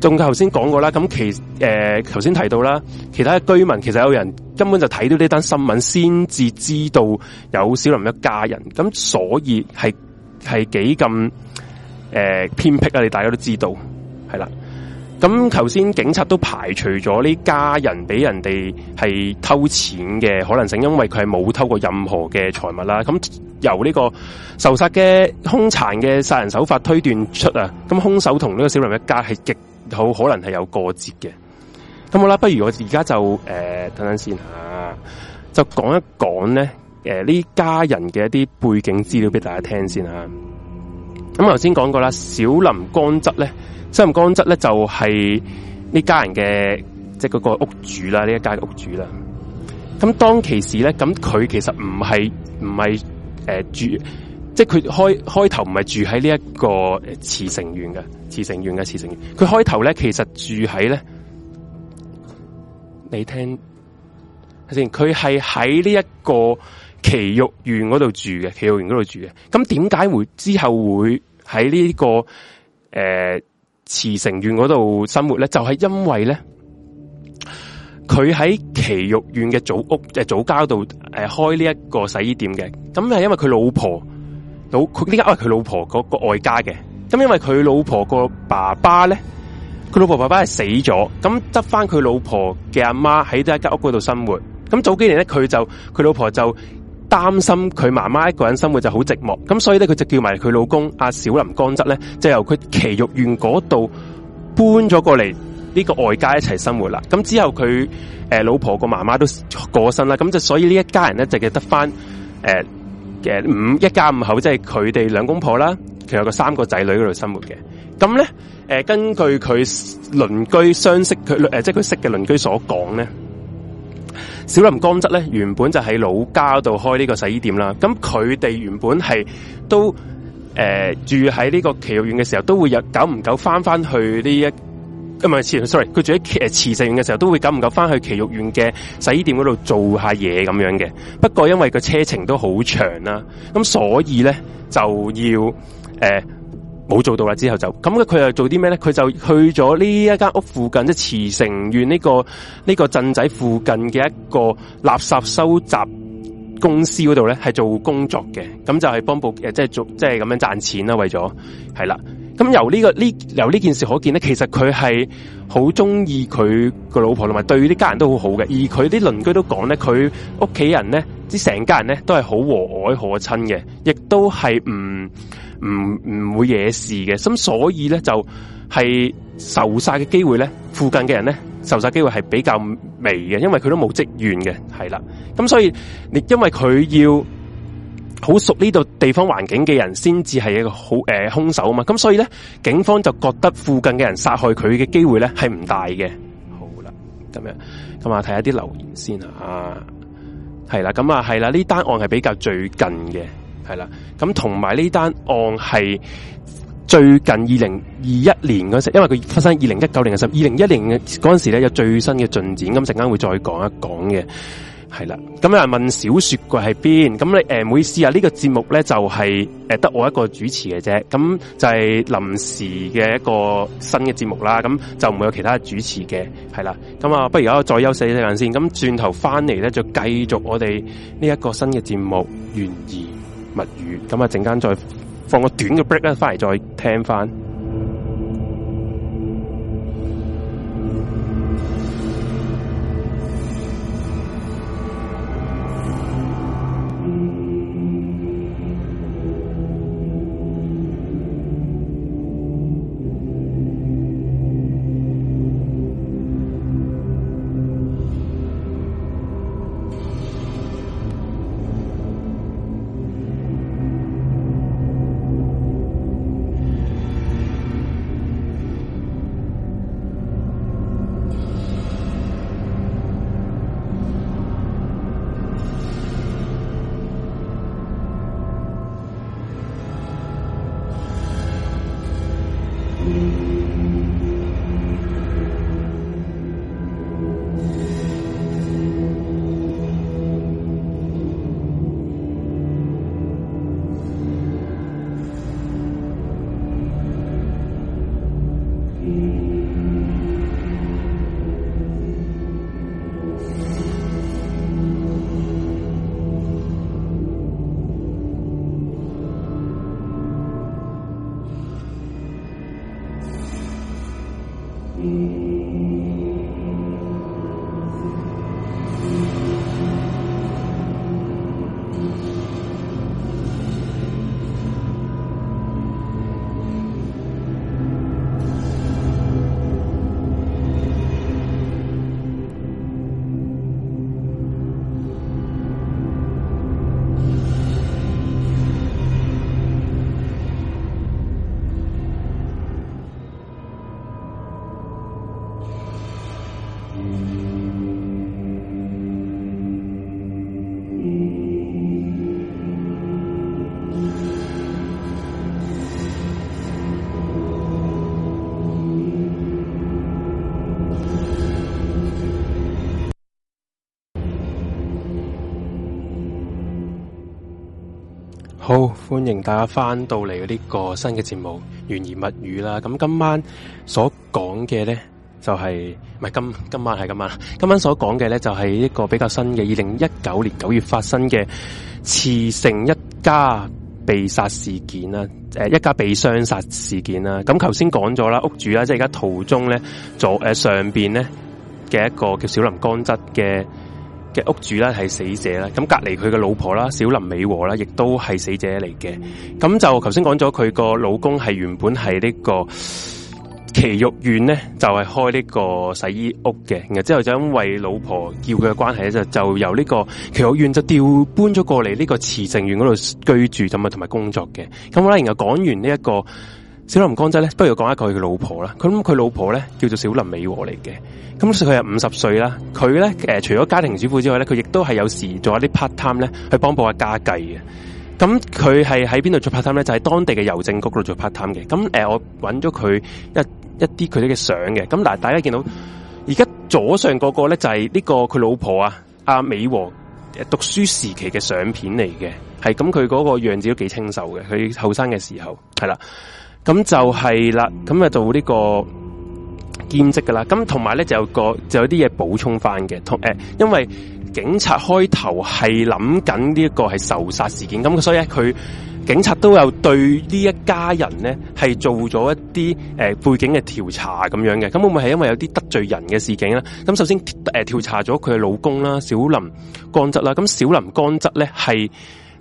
仲頭先講過啦，咁其誒頭先提到啦，其他居民其實有人根本就睇到呢單新聞，先至知道有小林一家人，咁所以係幾咁偏僻啊！你大家都知道係啦。咁頭先警察都排除咗呢家人俾人哋係偷錢嘅可能性，因為佢係冇偷過任何嘅財物啦。咁由呢個仇殺嘅兇殘嘅殺人手法推斷出啊，咁兇手同呢個小林一家係極。好，可能係有過節嘅，咁好啦，不如我而家就誒、呃，等等先吓，就講一講咧，誒、呃、呢家人嘅一啲背景資料俾大家聽先下。咁頭先講過啦，小林光則咧，小林光則咧就係、是、呢家人嘅即係嗰個屋主啦，呢一家嘅屋主啦。咁當其時咧，咁佢其實唔係唔係誒住。即係佢開開頭唔係住喺呢一個茨城縣嘅茨城縣嘅茨城縣，佢開頭咧其實住喺咧，你聽先，佢係喺呢一個埼玉縣嗰度住嘅，埼玉縣嗰度住嘅。咁點解會之後會喺呢一個誒、呃、茨城縣嗰度生活咧？就係、是、因為咧，佢喺埼玉縣嘅祖屋誒祖家度誒開呢一個洗衣店嘅。咁係因為佢老婆。老佢呢家係佢老婆嗰個外家嘅，咁因為佢老婆個爸爸咧，佢老婆爸爸係死咗，咁得翻佢老婆嘅阿媽喺第一間屋嗰度生活。咁早幾年咧，佢就佢老婆就擔心佢媽媽一個人生活就好寂寞，咁所以咧佢就叫埋佢老公阿小林江則咧，就由佢埼玉縣嗰度搬咗過嚟呢個外家一齊生活啦。咁之後佢誒、呃、老婆個媽媽都過身啦，咁就所以呢一家人咧就嘅得翻誒。呃嘅五一家五口，即係佢哋兩公婆啦，佢有個三個仔女嗰度生活嘅。咁咧，誒、呃，根據佢鄰居相識佢誒、呃，即係佢識嘅鄰居所講咧，小林江則咧原本就喺老家度開呢個洗衣店啦。咁佢哋原本係都誒、呃、住喺呢個祈福苑嘅時候，都會有久唔久返返去呢一。咁、啊、咪，sorry，佢住喺茨城縣嘅時候，都會夠唔夠翻去埼玉縣嘅洗衣店嗰度做下嘢咁樣嘅。不過因為個車程都好長啦、啊，咁所以咧就要誒冇、呃、做到啦。之後就咁咧，佢又做啲咩咧？佢就去咗呢一間屋附近，即係茨城縣呢、這個呢、這個鎮仔附近嘅一個垃圾收集公司嗰度咧，係做工作嘅。咁就係幫補，誒、呃，即、就、係、是、做即係咁樣賺錢啦、啊。為咗係啦。咁由呢、這個呢由呢件事可見咧，其實佢係好中意佢個老婆，同埋對啲家人都好好嘅。而佢啲鄰居都講咧，佢屋企人咧，即成家人咧，都係好和藹可親嘅，亦都係唔唔唔會惹事嘅。咁所以咧，就係仇殺嘅機會咧，附近嘅人咧，仇殺機會係比較微嘅，因為佢都冇積怨嘅。係啦，咁所以你因為佢要。好熟呢度地方環境嘅人，先至係一個好誒、呃、兇手啊嘛！咁所以咧，警方就覺得附近嘅人殺害佢嘅機會咧係唔大嘅。好啦，咁樣咁啊，睇下啲留言先啊！係啦，咁啊，係啦，呢單案係比較最近嘅，係啦。咁同埋呢單案係最近二零二一年嗰時，因為佢發生二零一九年嘅時候，二零一零嘅嗰陣時咧有最新嘅進展，咁陣間會再講一講嘅。係啦，咁有人問小說櫃喺邊？咁你誒，唔好意思啊，呢個節目咧就係誒得我一個主持嘅啫，咁就係臨時嘅一個新嘅節目啦，咁就唔會有其他主持嘅，係啦，咁啊不如而家再休息一陣先，咁轉頭翻嚟咧就繼續我哋呢一個新嘅節目懸疑物語，咁啊陣間再放個短嘅 break 咧，翻嚟再聽翻。好，歡迎大家翻到嚟呢個新嘅節目《懸疑物語》啦。咁今晚所講嘅咧，就係唔係今今晚係咁晚，今晚所講嘅咧，就係、是、一個比較新嘅二零一九年九月發生嘅茨城一家被殺事件啦。誒、呃，一家被傷殺事件啦。咁頭先講咗啦，屋主啦，即係而家途中咧左誒上邊咧嘅一個叫小林光則嘅。嘅屋主咧係死者啦，咁隔籬佢嘅老婆啦，小林美和啦，亦都係死者嚟嘅。咁就頭先講咗佢個老公係原本係、這個、呢個奇玉苑咧，就係、是、開呢個洗衣屋嘅。然後之後就因為老婆叫佢嘅關係咧，就就由呢、這個埼玉縣就調搬咗過嚟呢個茨城縣嗰度居住咁啊，同埋工作嘅。咁啦，然後講完呢、這、一個。小林光仔咧，不如講一個佢老婆啦。咁佢老婆咧叫做小林美和嚟嘅。咁佢係五十歲啦。佢咧誒，除咗家庭主婦之外咧，佢亦都係有時做一啲 part time 咧去幫補下家計嘅。咁佢係喺邊度做 part time 咧？就喺當地嘅郵政局度做 part time 嘅。咁誒，我揾咗佢一一啲佢哋嘅相嘅。咁嗱，大家見到而家左上嗰個咧就係呢個佢老婆啊，阿美和讀書時期嘅相片嚟嘅。係咁，佢嗰個樣子都幾清秀嘅，佢後生嘅時候係啦。咁就係啦，咁啊做呢個兼職噶啦，咁同埋咧就有個就有啲嘢補充翻嘅，同誒，因為警察開頭係諗緊呢一個係仇殺事件，咁所以咧佢警察都有對呢一家人咧係做咗一啲誒、呃、背景嘅調查咁樣嘅，咁會唔會係因為有啲得罪人嘅事件啦？咁首先誒調、呃、查咗佢嘅老公啦，小林乾則啦，咁小林乾則咧係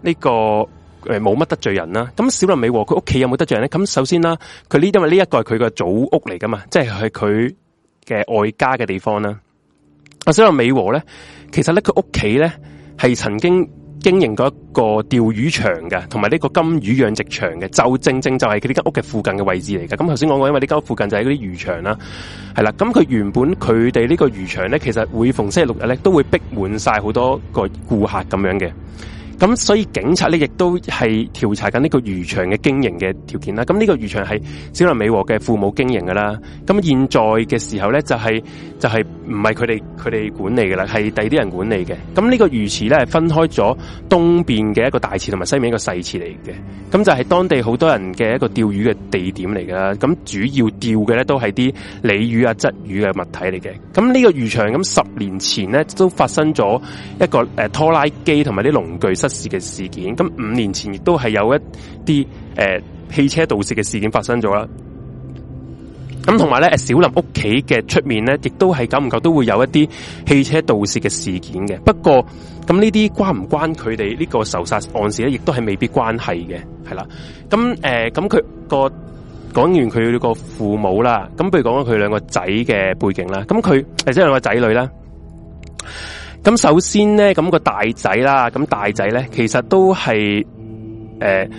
呢、這個。誒，冇乜得罪人啦。咁小林美和佢屋企有冇得罪人咧？咁首先啦，佢呢，因為呢一個係佢嘅祖屋嚟噶嘛，即係係佢嘅外家嘅地方啦。阿小林美和咧，其實咧佢屋企咧係曾經經營過一個釣魚場嘅，同埋呢個金魚養殖場嘅，就正正就係佢呢間屋嘅附近嘅位置嚟嘅。咁頭先講過，因為呢間屋附近就係嗰啲漁場啦，係啦。咁佢原本佢哋呢個漁場咧，其實每逢星期六日咧都會逼滿晒好多個顧客咁樣嘅。咁所以警察咧，亦都係調查緊呢個漁場嘅經營嘅條件啦。咁呢個漁場係小林美和嘅父母經營嘅啦。咁現在嘅時候咧，就係、是、就係唔係佢哋佢哋管理嘅啦，係第二啲人管理嘅。咁呢個魚池咧，係分開咗東邊嘅一個大池同埋西面一個細池嚟嘅。咁就係當地好多人嘅一個釣魚嘅地點嚟嘅啦。咁主要釣嘅咧，都係啲鯉魚啊、鯽魚嘅物體嚟嘅。咁呢個漁場，咁十年前咧，都發生咗一個誒、呃、拖拉機同埋啲農具失事嘅事件，咁五年前亦都係有一啲誒、呃、汽車盜竊嘅事件發生咗啦。咁同埋咧，小林屋企嘅出面咧，亦都係久唔久都會有一啲汽車盜竊嘅事件嘅。不過咁呢啲關唔關佢哋呢個仇殺案事咧，亦都係未必關係嘅，係啦。咁、嗯、誒，咁佢個講完佢個父母啦，咁、嗯、譬如講佢兩個仔嘅背景啦，咁佢誒即係兩個仔女啦。咁首先咧，咁個大仔啦，咁大仔咧，其實都係誒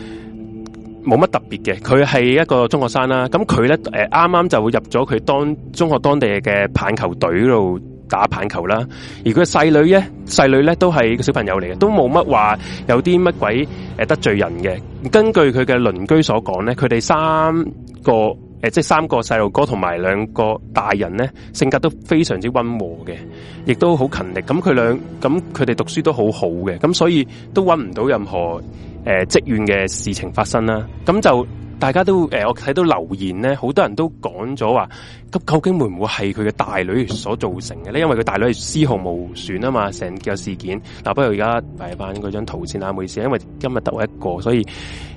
冇乜特別嘅，佢係一個中學生啦。咁佢咧誒啱啱就入咗佢當中學當地嘅棒球隊嗰度打棒球啦。而佢細女咧，細女咧都係個小朋友嚟嘅，都冇乜話有啲乜鬼誒得罪人嘅。根據佢嘅鄰居所講咧，佢哋三個。誒，即係三個細路哥同埋兩個大人咧，性格都非常之溫和嘅，亦都好勤力。咁佢兩咁佢哋讀書都好好嘅，咁所以都搵唔到任何誒積怨嘅事情發生啦。咁就大家都誒、呃，我睇到留言咧，好多人都講咗話，咁究竟會唔會係佢嘅大女所造成嘅咧？因為佢大女係絲毫無損啊嘛，成件事件。嗱，不如而家睇翻嗰張圖先啦，唔好意思，因為今日得我一個，所以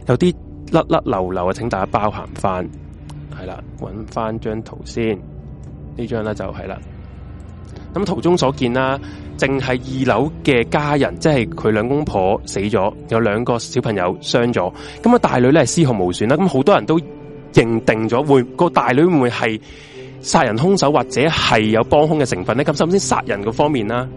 有啲甩甩流流，請大家包涵翻。係啦，搵翻張圖先，呢張咧就係啦。咁圖中所見啦，淨係二樓嘅家人，即係佢兩公婆死咗，有兩個小朋友傷咗。咁啊，大女咧係絲毫無損啦。咁好多人都認定咗，會、個大女唔會係殺人兇手，或者係有幫兇嘅成分咧。咁首先殺人嘅方面啦，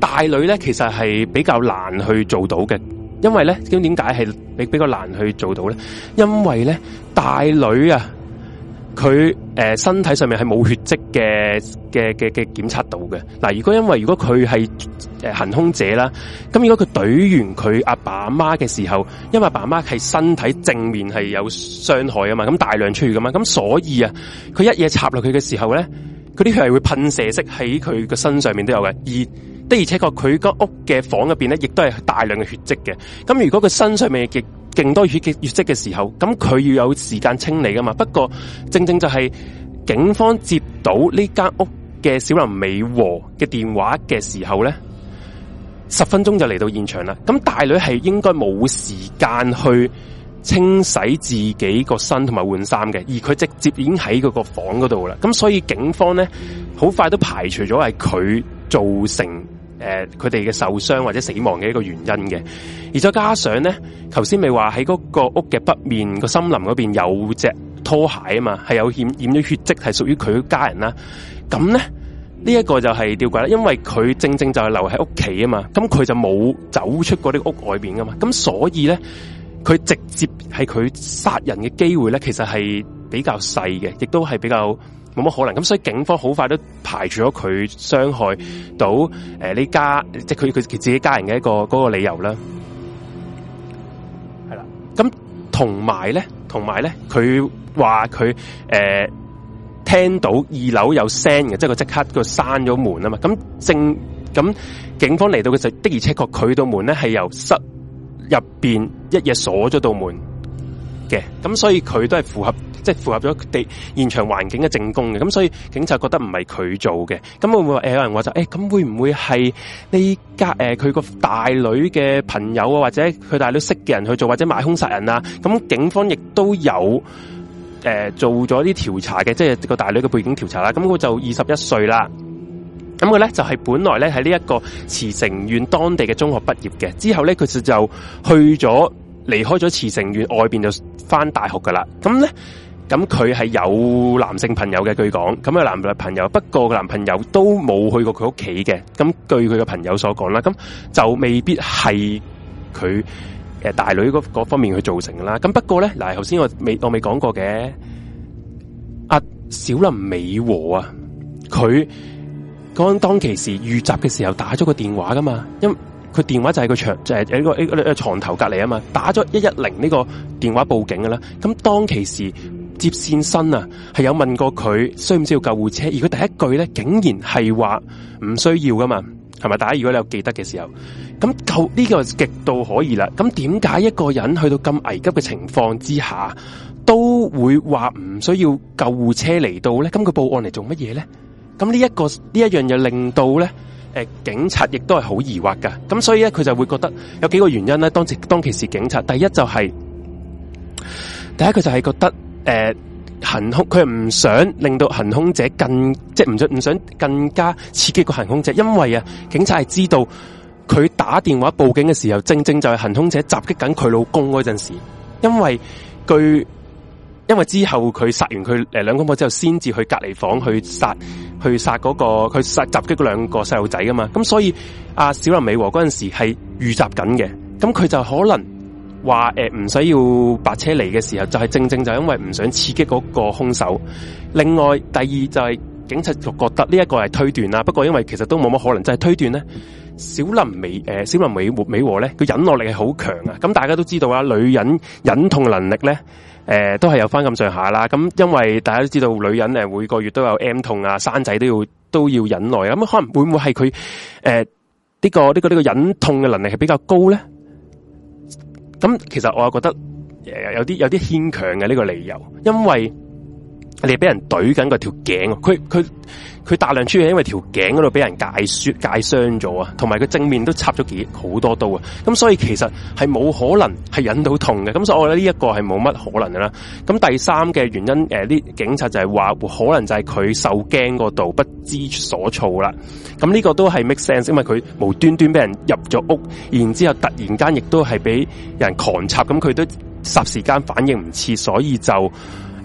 大女咧其實係比較難去做到嘅。因為咧，咁點解係比比較難去做到咧？因為咧，大女啊，佢誒、呃、身體上面係冇血跡嘅嘅嘅嘅檢測到嘅。嗱、啊，如果因為如果佢係誒行兇者啦，咁如果佢懟完佢阿爸阿媽嘅時候，因為阿爸阿媽係身體正面係有傷害啊嘛，咁大量出血㗎嘛，咁所以啊，佢一嘢插落佢嘅時候咧，嗰啲血係會噴射式喺佢嘅身上面都有嘅，而。的而且確，佢間屋嘅房入邊咧，亦都係大量嘅血跡嘅。咁如果佢身上面亦勁多血嘅血跡嘅時候，咁佢要有時間清理噶嘛。不過正正就係警方接到呢間屋嘅小林美和嘅電話嘅時候咧，十分鐘就嚟到現場啦。咁大女係應該冇時間去清洗自己個身同埋換衫嘅，而佢直接已經喺佢個房嗰度啦。咁所以警方咧好快都排除咗係佢造成，誒、呃，佢哋嘅受傷或者死亡嘅一個原因嘅，而再加上咧，頭先咪話喺嗰個屋嘅北面個森林嗰邊有隻拖鞋啊嘛，係有染染咗血跡，係屬於佢嘅家人啦。咁咧呢一，這個就係吊詭啦，因為佢正正就係留喺屋企啊嘛，咁佢就冇走出嗰啲屋外邊噶嘛，咁所以咧佢直接係佢殺人嘅機會咧，其實係比較細嘅，亦都係比較。冇乜可能，咁所以警方好快都排除咗佢傷害到誒呢、呃、家，即係佢佢自己家人嘅一個嗰、那個理由啦。係啦，咁同埋咧，同埋咧，佢話佢誒聽到二樓有聲嘅，即係佢即刻佢閂咗門啊嘛。咁正咁，警方嚟到嘅時候，候的而且確佢度門咧係由室入邊一嘢鎖咗度門。嘅，咁所以佢都係符合，即、就、係、是、符合咗地現場環境嘅證供嘅，咁所以警察覺得唔係佢做嘅，咁會唔會誒有人話就誒咁、欸、會唔會係呢家誒佢、呃、個大女嘅朋友啊，或者佢大女識嘅人去做或者買兇殺人啊？咁警方亦都有誒、呃、做咗啲調查嘅，即、就、係、是、個大女嘅背景調查啦。咁佢就二十一歲啦，咁佢咧就係、是、本來咧喺呢一個茨城縣當地嘅中學畢業嘅，之後咧佢就就去咗。離開咗茨城縣外邊就返大學噶啦，咁咧咁佢係有男性朋友嘅，據講咁有男朋友，不過個男朋友都冇去過佢屋企嘅，咁據佢嘅朋友所講啦，咁就未必係佢誒大女嗰方面去造成啦。咁不過咧嗱，頭先我未我未講過嘅阿小林美和啊，佢當當其時遇襲嘅時候打咗個電話噶嘛，因。佢電話就係個床，就係喺個誒床頭隔籬啊嘛，打咗一一零呢個電話報警㗎啦。咁當其時接線生啊，係有問過佢需唔需要救護車，而佢第一句咧竟然係話唔需要噶嘛，係咪？大家如果你有記得嘅時候，咁就呢個極度可疑啦。咁點解一個人去到咁危急嘅情況之下，都會話唔需要救護車嚟到咧？咁佢報案嚟做乜嘢咧？咁呢一個呢一樣又令到咧。誒，警察亦都係好疑惑噶，咁所以咧，佢就會覺得有幾個原因咧。當時當其時，警察第一就係、是，第一佢就係覺得誒、呃，行凶佢唔想令到行凶者更即係唔想唔想更加刺激個行凶者，因為啊，警察係知道佢打電話報警嘅時候，正正就係行凶者襲擊緊佢老公嗰陣時，因為佢，因為之後佢殺完佢誒兩公婆之後，先至去隔離房去殺。去殺嗰、那個佢殺襲擊嗰兩個細路仔噶嘛，咁所以阿小林美和嗰陣時係預習緊嘅，咁佢就可能話誒唔使要白車嚟嘅時候，就係、是、正正就因為唔想刺激嗰個凶手。另外第二就係、是、警察局覺得呢一個係推斷啦，不過因為其實都冇乜可能，就係、是、推斷咧。小林美誒、呃，小林美美和咧，佢忍耐力係好強啊！咁大家都知道呀，女人忍痛能力咧。誒、呃，都係有翻咁上下啦。咁因為大家都知道，女人誒每個月都有 M 痛啊，生仔都要都要忍耐。咁可能會唔會係佢誒呢個呢、呢個呢、呢個忍痛嘅能力係比較高咧？咁其實我又覺得有有啲有啲牽強嘅呢個理由，因為，你係俾人懟緊個條頸，佢佢佢大量出血，因為條頸嗰度俾人解雪解傷咗啊，同埋佢正面都插咗幾好多刀啊，咁所以其實係冇可能係忍到痛嘅，咁所以我覺得呢一個係冇乜可能噶啦。咁第三嘅原因，誒、呃，警察就係話，可能就係佢受驚嗰度不知所措啦。咁呢個都係 make sense，因為佢無端端俾人入咗屋，然之後突然間亦都係俾人狂插，咁佢都霎時間反應唔切，所以就。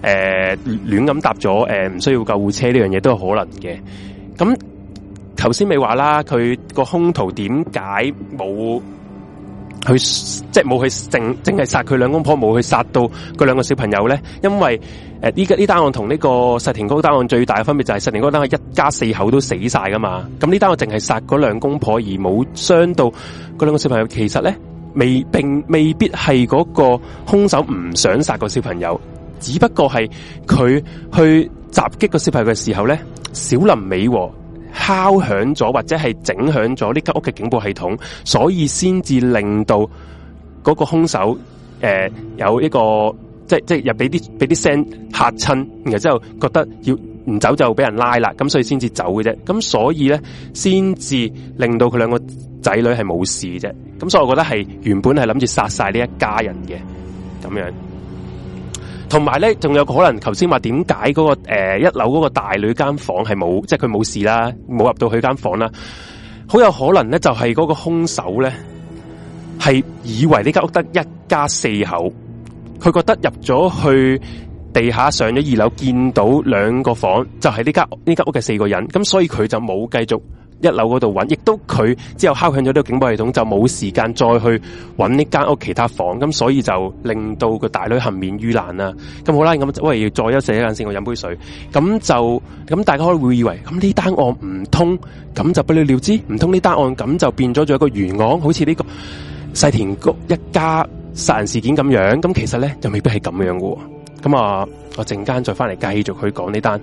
誒、呃，亂咁搭咗，誒、呃，唔需要救護車呢樣嘢都係可能嘅。咁頭先咪話啦，佢個兇徒點解冇去，即係冇去，淨係係殺佢兩公婆，冇去殺到佢兩個小朋友咧？因為誒，呢個呢單案同呢個世田谷單案最大嘅分別就係世田谷單案一家四口都死晒噶嘛。咁呢單案淨係殺嗰兩公婆而冇傷到嗰兩個小朋友，其實咧未並未必係嗰個兇手唔想殺個小朋友。只不過係佢去襲擊個小朋友嘅時候咧，小林美和敲響咗或者係整響咗呢間屋嘅警報系統，所以先至令到嗰個凶手誒、呃、有一個即係即係又俾啲俾啲聲吓親，然後之後覺得要唔走就俾人拉啦，咁所以先至走嘅啫。咁所以咧先至令到佢兩個仔女係冇事嘅啫。咁所以我覺得係原本係諗住殺晒呢一家人嘅咁樣。同埋咧，仲有可能、那個，頭先話點解嗰個誒一樓嗰個大女間房係冇，即係佢冇事啦，冇入到佢間房啦，好有可能咧，就係、是、嗰個兇手咧，係以為呢間屋得一家四口，佢覺得入咗去地下上咗二樓見到兩個房，就係呢間呢間屋嘅四個人，咁所以佢就冇繼續。一樓嗰度搵，亦都佢之後敲響咗呢個警報系統，就冇時間再去搵呢間屋其他房，咁所以就令到個大女幸免於難啦。咁好啦，咁喂要再休息一陣先，我飲杯水。咁就咁，大家可能會以為咁呢單案唔通，咁就不了了之？唔通呢單案咁就變咗做一個懸案，好似呢個世田谷一家殺人事件咁樣？咁其實咧就未必係咁樣喎、啊。咁啊，我陣間再翻嚟繼續去講呢單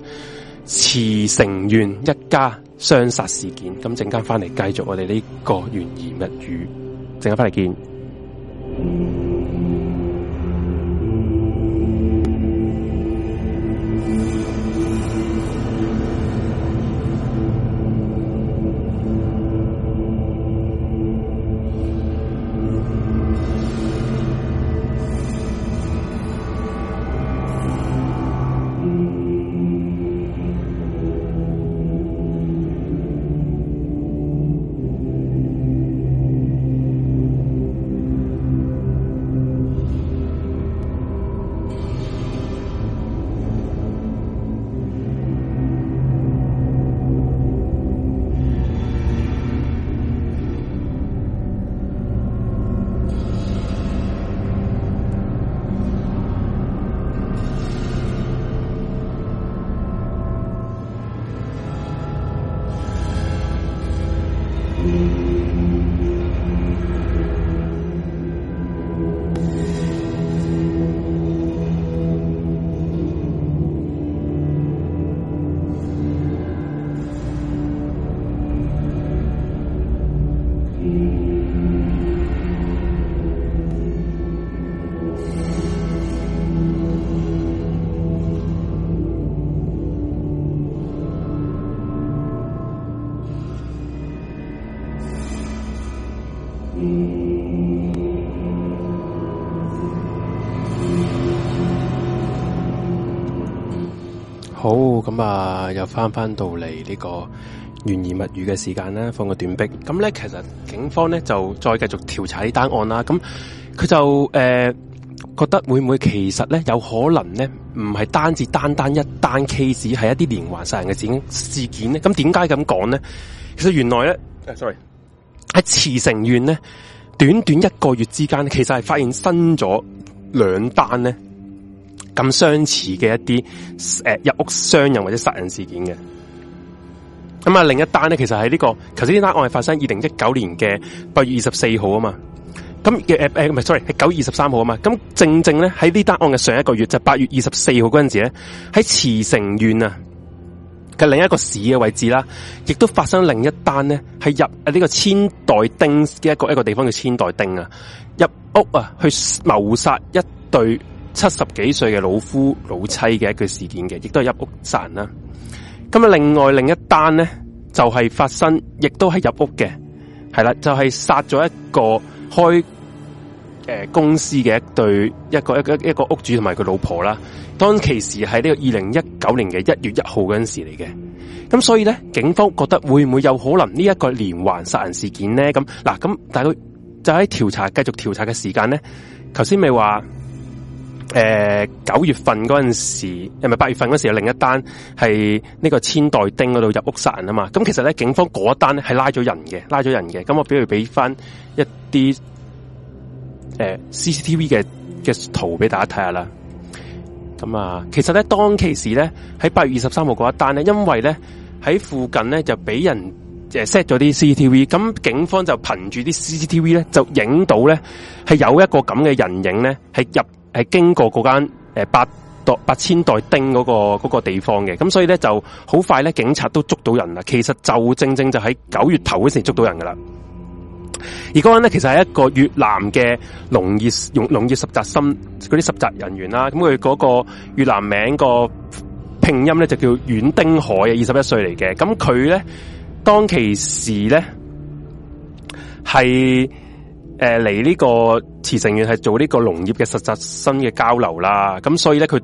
茨城縣一家。殺傷事件，咁陣間翻嚟，繼續我哋呢個懸疑物語，陣間翻嚟見。翻翻到嚟呢個懸疑物語嘅時間咧，放個短壁。咁咧，其實警方咧就再繼續調查呢單案啦。咁佢就誒、呃、覺得會唔會其實咧有可能咧唔係單止單單一單 case 係一啲連環殺人嘅事事件咧？咁點解咁講咧？其實原來咧，sorry 喺茨城縣咧，短短一個月之間呢，其實係發現新咗兩單咧。咁相似嘅一啲誒、呃、入屋傷人或者殺人事件嘅，咁啊，另一單咧，其實喺呢、這個頭先呢單案係發生二零一九年嘅八月二十四號啊嘛，咁嘅誒誒唔 sorry 係九月二十三號啊嘛，咁正正咧喺呢單案嘅上一個月就八、是、月二十四號嗰陣時咧喺茨城縣啊嘅另一個市嘅位置啦，亦都發生另一單咧，係入呢、這個千代町嘅一個一個地方叫千代町啊，入屋啊去謀殺一對。七十幾歲嘅老夫老妻嘅一個事件嘅，亦都係入屋殺人啦。咁啊，另外另一單咧，就係、是、發生，亦都係入屋嘅，係啦，就係、是、殺咗一個開誒、呃、公司嘅一對一個一個一個屋主同埋佢老婆啦。當其時係呢個二零一九年嘅一月一號嗰陣時嚟嘅。咁所以咧，警方覺得會唔會有可能呢一個連環殺人事件咧？咁嗱，咁但係佢就喺調查繼續調查嘅時間咧，頭先咪話。誒、呃，九月份嗰陣時，誒，唔係八月份嗰時候有另一單係呢個千代丁嗰度入屋殺人啊嘛。咁其實咧，警方嗰單咧係拉咗人嘅，拉咗人嘅。咁我比佢俾翻一啲誒、呃、C C T V 嘅嘅圖俾大家睇下啦。咁啊，其實咧當其時咧喺八月二十三號嗰一單咧，因為咧喺附近咧就俾人誒 set 咗啲 C C T V，咁警方就憑住啲 C C T V 咧就影到咧係有一個咁嘅人影咧係入係經過嗰間誒八代八千代丁嗰、嗰個、嗰個地方嘅，咁所以咧就好快咧，警察都捉到人啦。其實就正正就喺九月頭嗰時捉到人噶啦。而嗰個人咧，其實係一個越南嘅農業農農業實習生，嗰啲實習人員啦。咁佢嗰個越南名個拼音咧就叫阮丁海，二十一歲嚟嘅。咁佢咧當其時咧係。是誒、呃，嚟呢個茨城縣係做呢個農業嘅實習生嘅交流啦，咁所以咧佢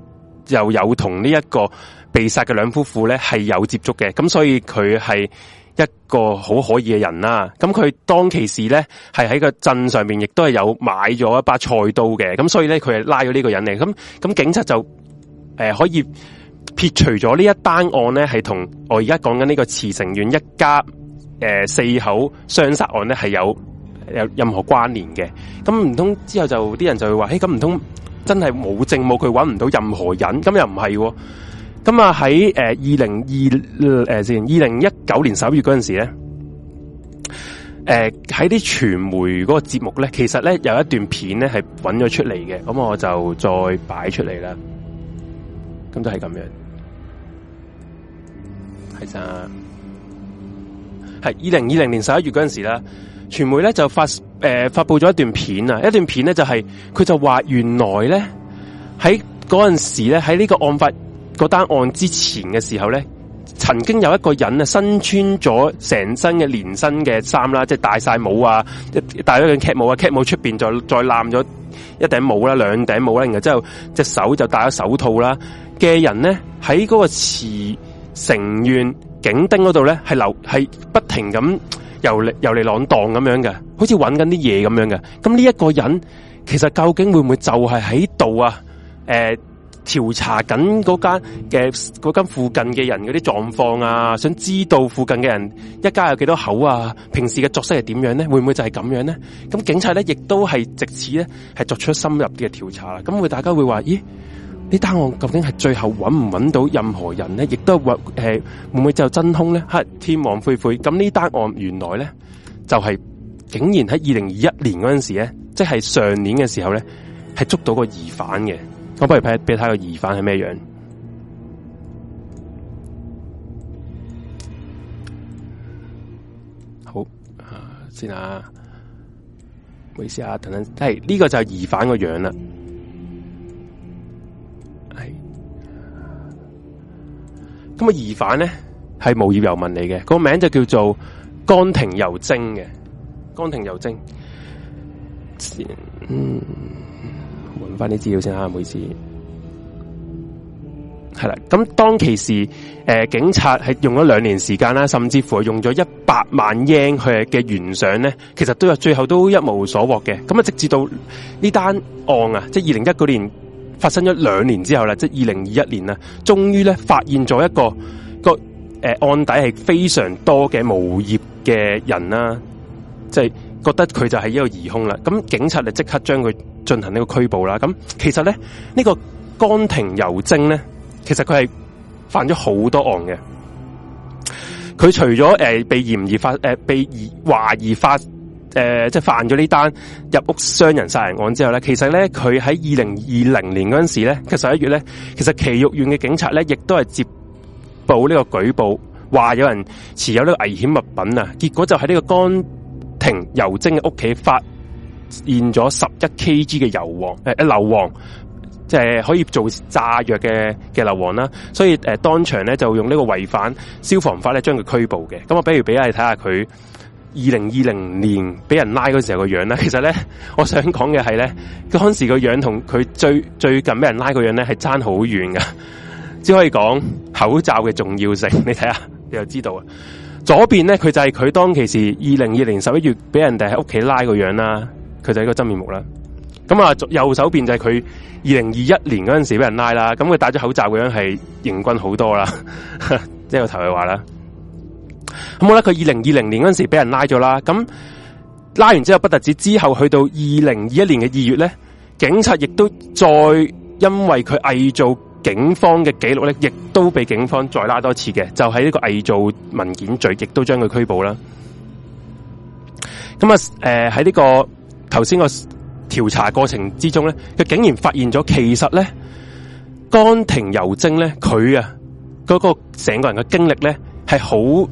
又有同呢一個被殺嘅兩夫婦咧係有接觸嘅，咁所以佢係一個好可疑嘅人啦。咁佢當其時咧係喺個鎮上面，亦都係有買咗一把菜刀嘅，咁所以咧佢係拉咗呢個人嚟，咁咁警察就誒、呃、可以撇除咗呢一單案咧，係同我而家講緊呢個茨城縣一家誒、呃、四口相殺案咧係有。有任何關聯嘅，咁唔通之後就啲人就會話，誒、欸，咁唔通真係冇證冇佢搵唔到任何人？咁又唔係喎？咁啊喺誒二零二誒先二零一九年十一月嗰陣時咧，誒喺啲傳媒嗰個節目咧，其實咧有一段片咧係搵咗出嚟嘅，咁我就再擺出嚟啦。咁就係咁樣，係咋？係二零二零年十一月嗰陣時啦。傳媒咧就發誒、呃、發布咗一段片啊，一段片咧就係、是、佢就話原來咧喺嗰陣時咧喺呢在這個案發嗰單案之前嘅時候咧，曾經有一個人咧身穿咗成身嘅連身嘅衫啦，即係戴晒帽、啊、帽啊，戴咗件 cap 帽啊，cap 帽出邊就再攬咗一頂帽啦，兩頂帽啦，然後之後隻手就戴咗手套啦嘅人咧喺嗰個茨城縣警丁嗰度咧係留係不停咁。遊嚟遊嚟浪蕩咁樣嘅，好似揾緊啲嘢咁樣嘅。咁呢一個人其實究竟會唔會就係喺度啊？誒、呃，調查緊嗰間嘅嗰間附近嘅人嗰啲狀況啊，想知道附近嘅人一家有幾多口啊？平時嘅作息係點樣咧？會唔會就係咁樣咧？咁警察咧亦都係藉此咧係作出深入啲嘅調查啦。咁會大家會話咦？呢單案究竟係最後揾唔揾到任何人咧，亦都係誒，會唔會就真空咧？哈，天網恢恢。咁呢單案原來咧，就係、是、竟然喺二零二一年嗰陣時咧，即係上年嘅時候咧，係、就是、捉到個疑犯嘅。我不如俾俾睇個疑犯係咩樣？好啊，先啊，唔好意思啊，等等，係、這、呢個就係疑犯個樣啦。咁啊，疑犯咧係無業遊民嚟嘅，個名就叫做岡庭由征嘅，岡庭由征。嗯，揾翻啲資料先唔好意思。係啦，咁當其時，誒、呃，警察係用咗兩年時間啦，甚至乎用咗一百萬英去嘅懸賞咧，其實都係最後都一無所獲嘅。咁啊，直至到呢單案啊，即係二零一九年。發生咗兩年之後啦，即係二零二一年啦，終於咧發現咗一個一個誒、呃、案底係非常多嘅無業嘅人啦，即係覺得佢就係一個疑凶啦。咁警察就即刻將佢進行呢個拘捕啦。咁其實咧呢個岡庭由征咧，其實佢係犯咗好多案嘅。佢除咗誒、呃、被嫌疑發誒、呃、被疑懷疑發。誒、呃，即係犯咗呢單入屋傷人殺人案之後咧，其實咧佢喺二零二零年嗰陣時咧，其實十一月咧，其實埼玉縣嘅警察咧，亦都係接報呢個舉報，話有人持有呢個危險物品啊，結果就喺呢個江庭油精嘅屋企發現咗十一 Kg 嘅油黃，誒、呃、誒硫黃，即、就、係、是、可以做炸藥嘅嘅硫黃啦，所以誒、呃、當場咧就用呢個違反消防法咧將佢拘捕嘅，咁我比如俾你睇下佢二零二零年俾人拉嗰時候個樣啦。其實咧，我想講嘅係咧，嗰時個樣同佢最最近俾人拉個樣咧係差好遠噶，只可以講口罩嘅重要性。你睇下，你就知道啊。左邊咧，佢就係佢當其時二零二零十一月俾人哋喺屋企拉個樣啦，佢就係個真面目啦。咁啊，右手邊就係佢二零二一年嗰陣時俾人拉啦，咁佢戴咗口罩嘅樣係認軍好多啦。即係頭嘅話啦。咁好啦，佢二零二零年嗰陣時俾人拉咗啦，咁拉完之後不特止，之後去到二零二一年嘅二月咧，警察亦都再因為佢偽造警方嘅記錄咧，亦都被警方再拉多次嘅，就喺呢個偽造文件罪，亦都將佢拘捕啦。咁啊，誒喺呢個頭先個調查過程之中咧，佢竟然發現咗，其實咧，江庭油精咧，佢啊嗰個成個人嘅經歷咧係好。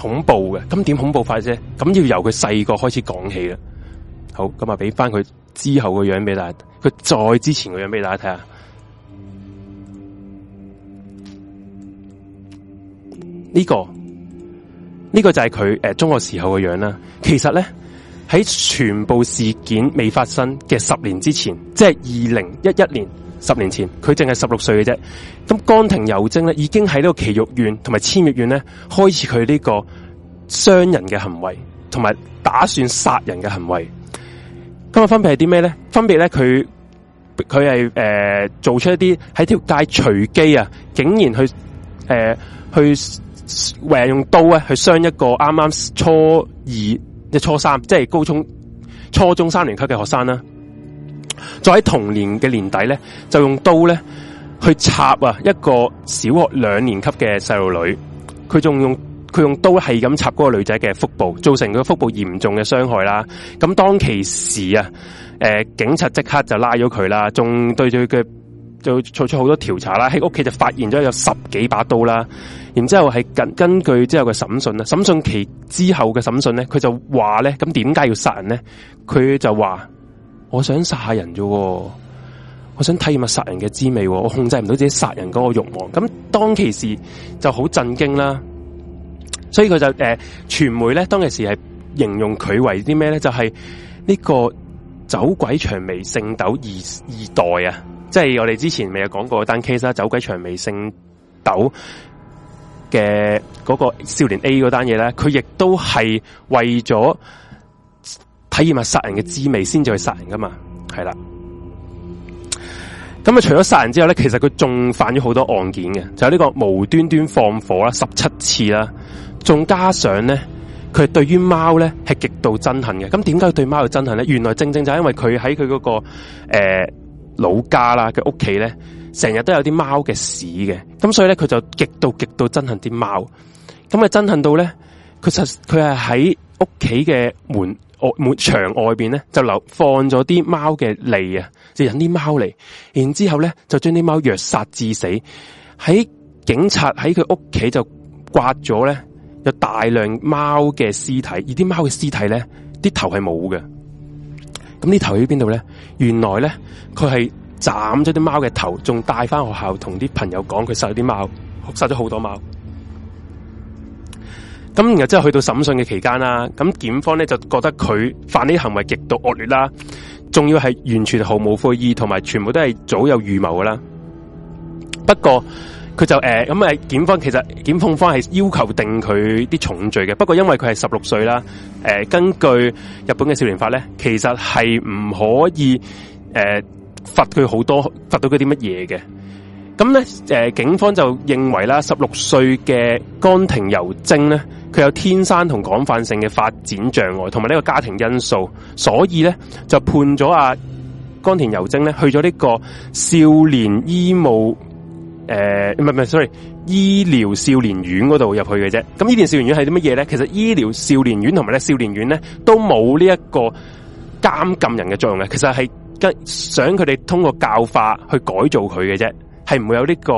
恐怖嘅，咁點恐怖法啫？咁要由佢細個開始講起啦。好，咁啊，俾翻佢之後嘅樣俾大家，佢再之前嘅樣俾大家睇下，呢個，呢個呢個就係佢誒中學時候嘅樣啦。其實咧喺全部事件未發生嘅十年之前，即係二零一一年。十年前，佢淨係十六歲嘅啫。咁江庭友精咧，已經喺呢個埼玉縣同埋千葉縣咧，開始佢呢個傷人嘅行為，同埋打算殺人嘅行為。咁啊，分別係啲咩咧？分別咧，佢佢係誒，做出一啲喺條街隨機啊，竟然去誒、呃、去用刀咧、啊、去傷一個啱啱初二、即初三，即係高中、初中三年級嘅學生啦、啊。再喺同年嘅年底咧，就用刀咧去插啊一個小學兩年級嘅細路女，佢仲用佢用刀係咁插嗰個女仔嘅腹部，造成佢腹部嚴重嘅傷害啦。咁當其時啊，誒、呃、警察即刻就拉咗佢啦，仲對住佢就做出好多調查啦。喺屋企就發現咗有十幾把刀啦。然之後係根根據之後嘅審訊啦，審訊期之後嘅審訊咧，佢就話咧，咁點解要殺人咧？佢就話。我想殺人啫，我想體驗下殺人嘅滋味，我控制唔到自己殺人嗰個欲望。咁當其時就好震驚啦，所以佢就誒，傳媒咧當其時係形容佢為啲咩咧？就係呢個走鬼長眉聖斗二二代啊，即係我哋之前咪有講過單 case 啦，走鬼長眉聖斗嘅嗰個少年 A 嗰單嘢咧，佢亦都係為咗。體驗埋殺人嘅滋味，先至去殺人噶嘛，係啦。咁啊，除咗殺人之後咧，其實佢仲犯咗好多案件嘅，就係呢個無端端放火啦，十七次啦，仲加上咧，佢對於貓咧係極度憎恨嘅。咁點解佢對貓又憎恨咧？原來正正就係因為佢喺佢嗰個誒、呃、老家啦，佢屋企咧，成日都有啲貓嘅屎嘅，咁所以咧佢就極度極度憎恨啲貓。咁啊憎恨到咧，佢實佢係喺屋企嘅門。場外沒牆外邊咧，就留放咗啲貓嘅脷啊，就引啲貓嚟，然之後咧就將啲貓虐殺致死。喺警察喺佢屋企就刮咗咧，有大量貓嘅屍體，而啲貓嘅屍體咧，啲頭係冇嘅。咁啲頭喺邊度咧？原來咧佢係斬咗啲貓嘅頭，仲帶翻學校同啲朋友講佢殺咗啲貓，殺咗好多貓。咁然後即係去到審訊嘅期間啦，咁檢方咧就覺得佢犯呢啲行為極度惡劣啦，仲要係完全毫無悔意，同埋全部都係早有預謀噶啦。不過佢就誒咁啊，檢、呃、方其實檢控方係要求定佢啲重罪嘅，不過因為佢係十六歲啦，誒、呃、根據日本嘅少年法咧，其實係唔可以誒、呃、罰佢好多罰到佢啲乜嘢嘅。咁咧、呃，警方就認為啦，十六歲嘅岡庭由征呢，咧，佢有天生同廣泛性嘅發展障礙，同埋呢個家庭因素，所以咧就判咗阿、啊、岡庭由征咧去咗呢個少年醫務，誒、呃、唔係唔係 sorry 醫療少年院嗰度入去嘅啫。咁醫療少年院係啲乜嘢咧？其實醫療少年院同埋咧少年院咧都冇呢一個監禁人嘅作用嘅，其實係想佢哋通過教化去改造佢嘅啫。係唔會有呢個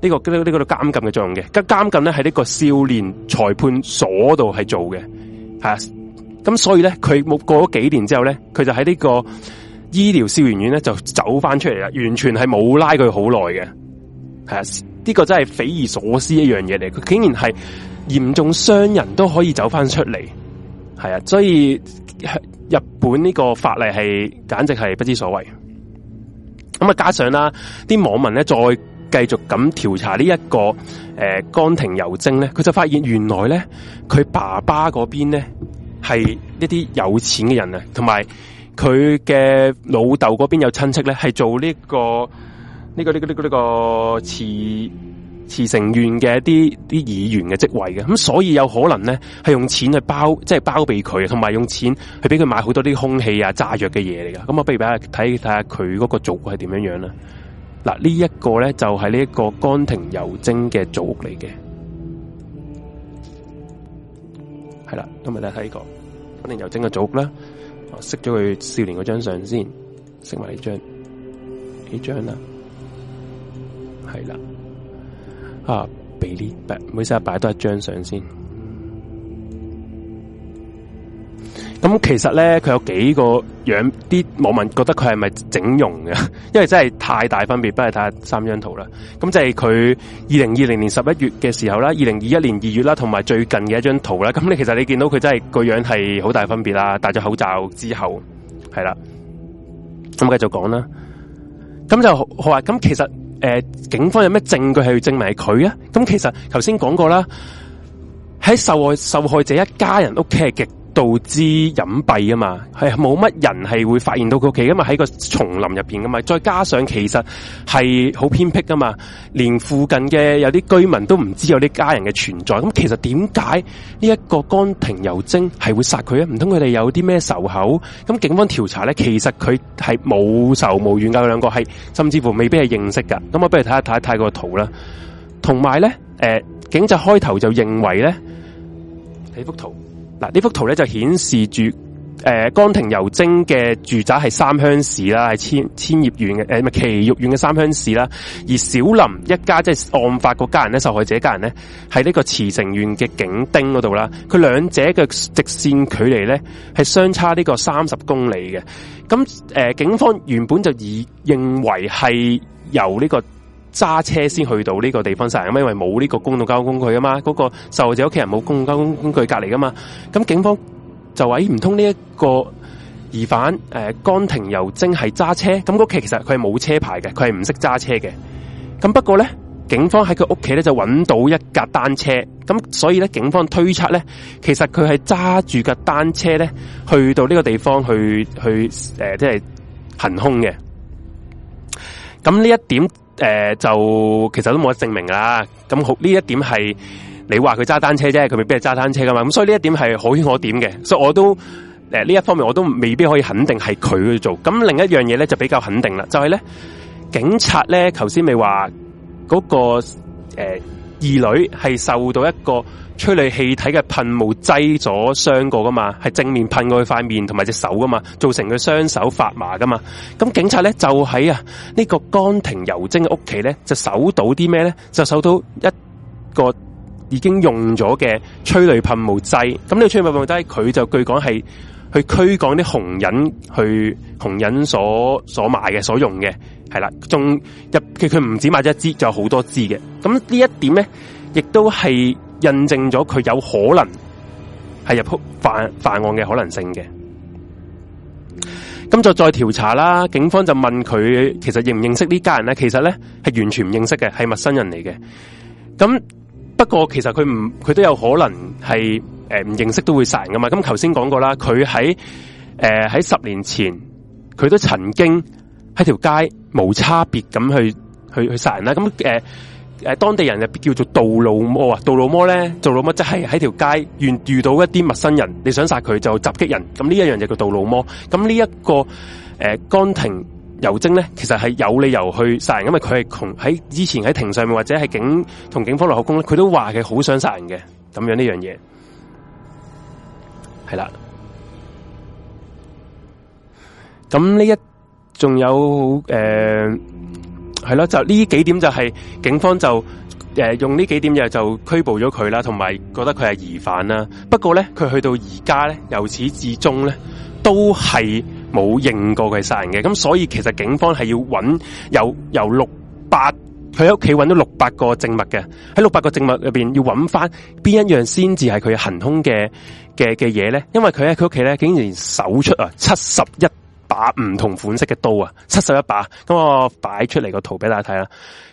呢個呢個呢個監禁嘅作用嘅。監監禁咧喺呢個少年裁判所度係做嘅，係啊。咁所以咧，佢冇過咗幾年之後咧，佢就喺呢個醫療少年院咧就走翻出嚟啦。完全係冇拉佢好耐嘅，係啊。呢個真係匪夷所思一樣嘢嚟，佢竟然係嚴重傷人都可以走翻出嚟，係啊。所以日本呢個法例係簡直係不知所謂。咁啊，加上啦，啲網民咧再繼續咁調查，這個呃、亭油，呢一個誒，江婷柔晶咧，佢就發現原來咧，佢爸爸嗰邊咧係一啲有錢嘅人啊，同埋佢嘅老豆嗰邊有親戚咧係做呢、這個呢、這個呢、這個呢、這個呢、這個次。茨城縣嘅啲啲議員嘅職位嘅，咁所以有可能咧係用錢去包，即係包庇佢，同埋用錢去俾佢買好多啲空氣啊、炸藥嘅嘢嚟噶。咁我不如睇下睇睇下佢嗰個組屋係點樣樣啦。嗱、啊，這個、呢一、就是、個咧就係呢一個干庭油精嘅組屋嚟嘅，係啦，今日睇睇呢個，干庭油精嘅組屋啦。我熄咗佢少年嗰張相先，熄埋呢張，呢張啦，係啦。啊！俾呢每次擺多一張相先。咁其實咧，佢有幾個樣？啲網民覺得佢係咪整容嘅？因為真係太大分別。不如睇下三張圖啦。咁就係佢二零二零年十一月嘅時候啦，二零二一年二月啦，同埋最近嘅一張圖啦。咁你其實你見到佢真係個樣係好大分別啦。戴咗口罩之後，係啦。咁繼續講啦。咁就好呀，咁其實。誒、呃，警方有咩證據係要證明係佢啊？咁其實頭先講過啦，喺受害受害者一家人屋企係極。導致隱蔽啊嘛，係冇乜人係會發現到佢屋企因為，喺個叢林入邊噶嘛，再加上其實係好偏僻噶嘛，連附近嘅有啲居民都唔知有啲家人嘅存在。咁其實點解呢一個乾庭油精係會殺佢，唔通佢哋有啲咩仇口？咁警方調查咧，其實佢係冇仇無怨噶，兩個係甚至乎未必係認識噶。咁我不如睇一睇睇個圖啦。同埋咧，誒、呃，警察開頭就認為咧，睇幅圖。嗱，呢幅圖咧就顯示住誒、呃，岡庭由征嘅住宅係三鄉市啦，係千千葉縣嘅誒，唔係埼玉縣嘅三鄉市啦。而小林一家即係、就是、案發個家人咧，受害者家人咧，喺呢個茨城縣嘅境町嗰度啦。佢兩者嘅直線距離咧係相差呢個三十公里嘅。咁誒、呃，警方原本就以認為係由呢、這個。揸車先去到呢個地方晒，因為冇呢個公共交通工具啊嘛，嗰、嗰個受害者屋企人冇公共交通工具隔離啊嘛。咁警方就話：唔通呢一個疑犯誒，剛、呃、停油精係揸車？咁屋企其實佢係冇車牌嘅，佢係唔識揸車嘅。咁不過咧，警方喺佢屋企咧就揾到一架單車。咁所以咧，警方推測咧，其實佢係揸住架單車咧去到呢個地方去去誒、呃，即係行凶嘅。咁呢一點。誒、呃，就其實都冇得證明啦。咁好呢一點係你話佢揸單車啫，佢未必係揸單車噶嘛。咁所以呢一點係可圈可點嘅。所以我都誒呢、呃、一方面我都未必可以肯定係佢去做。咁另一樣嘢咧就比較肯定啦，就係、是、咧警察咧頭先咪話嗰個誒二、呃、女係受到一個。催淚氣體嘅噴霧劑咗傷過噶嘛，係正面噴過佢塊面同埋隻手噶嘛，造成佢雙手發麻噶嘛。咁警察咧就喺啊呢個岡庭由征嘅屋企咧就搜到啲咩咧？就搜到，到一個已經用咗嘅催淚噴霧劑。咁呢個催淚噴霧劑佢就據講係去驅趕啲熊人，去熊人所所買嘅、所用嘅係啦。仲入佢佢唔止買咗一支，仲有好多支嘅。咁呢一點咧，亦都係。印證咗佢有可能係入屋犯犯案嘅可能性嘅，咁就再調查啦。警方就問佢，其實認唔認識呢家人咧？其實咧係完全唔認識嘅，係陌生人嚟嘅。咁不過其實佢唔，佢都有可能係誒唔認識都會殺人噶嘛。咁頭先講過啦，佢喺誒喺十年前，佢都曾經喺條街無差別咁去去去殺人啦。咁誒。呃誒，當地人又叫做道路魔啊，道路魔咧，道路魔即係喺條街遇遇到一啲陌生人，你想殺佢就襲擊人，咁呢一樣嘢叫「道路魔」。咁、這個呃、呢一個誒，岡庭由征呢，咧，其實係有理由去殺人，因為佢係窮喺以前喺庭上面或者係警同警方落口供咧，佢都話佢好想殺人嘅，咁樣呢樣嘢係啦。咁呢一仲有誒。呃係咯，就呢幾點就係警方就誒、呃、用呢幾點嘢，就拘捕咗佢啦，同埋覺得佢係疑犯啦。不過咧，佢去到而家咧，由始至終咧，都係冇認過佢係殺人嘅。咁所以其實警方係要揾由由六百佢喺屋企揾到六百個證物嘅，喺六百個證物入邊要揾翻邊一樣先至係佢行凶嘅嘅嘅嘢咧。因為佢喺佢屋企咧，竟然搜出啊七十一把唔同款式嘅刀啊，七十一把，咁我擺出嚟，個圖俾大家睇啦。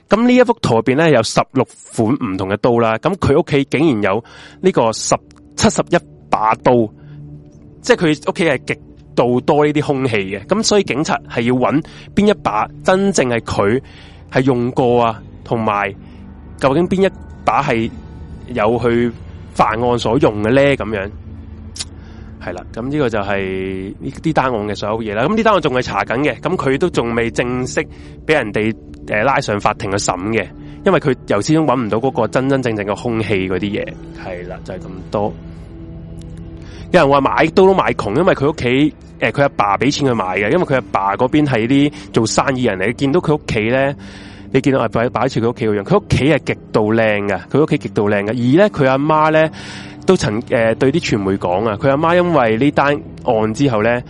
咁呢一幅圖入邊咧，有十六款唔同嘅刀啦，咁佢屋企竟然有呢個十七十一把刀，即係佢屋企係極度多呢啲兇器嘅。咁所以警察，係要揾邊一把真正係佢係用過啊，同埋究竟邊一把係有去犯案所用嘅咧？咁樣。係啦，咁呢個就係呢啲單案嘅所有嘢啦。咁呢單案仲係查緊嘅，咁佢都仲未正式俾人哋誒、呃、拉上法庭去審嘅，因為佢由始終揾唔到嗰個真真正正嘅兇器嗰啲嘢。係啦，就係、是、咁多。有人話買刀都買窮，因為佢屋企誒佢阿爸俾錢佢買嘅，因為佢阿爸嗰邊係啲做生意人嚟。見到佢屋企咧，你見到阿擺擺住佢屋企嗰樣，佢屋企係極度靚嘅，佢屋企極度靚嘅。而咧佢阿媽咧，都曾、呃、對啲傳媒講啊，佢阿媽因為呢單案之後咧，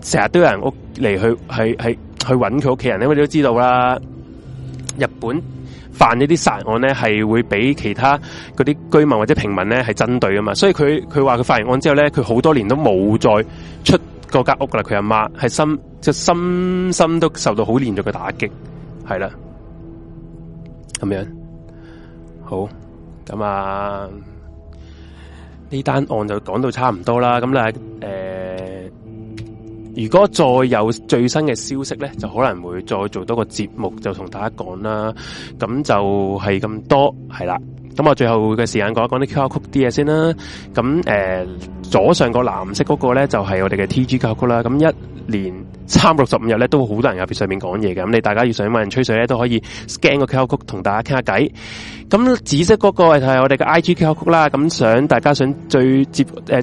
成日都有人屋嚟去係去揾佢屋企人，因為你都知道啦，日本犯殺呢啲殺人案咧係會俾其他嗰啲居民或者平民咧係針對㗎嘛，所以佢佢話佢發現案之後咧，佢好多年都冇再出過間屋噶啦，佢阿媽係心即係深深都受到好連續嘅打擊，係啦，咁樣好咁啊。呢單案就講到差唔多啦，咁咧，誒、呃，如果再有最新嘅消息咧，就可能會再做多個節目，就同大家講啦。咁就係咁多，係啦。咁我最後嘅時間講講啲 QR Code 啲嘢先啦。咁誒、呃，左上個藍色嗰個咧就係、是、我哋嘅 T G QR Code 啦。咁一年三六十五日咧都好多人喺上面講嘢嘅。咁你大家要想揾人吹水咧都可以 scan 個 QR Code 同大家傾下偈。咁紫色嗰個係我哋嘅 I G QR Code 啦。咁想大家想最接誒，即、呃、係、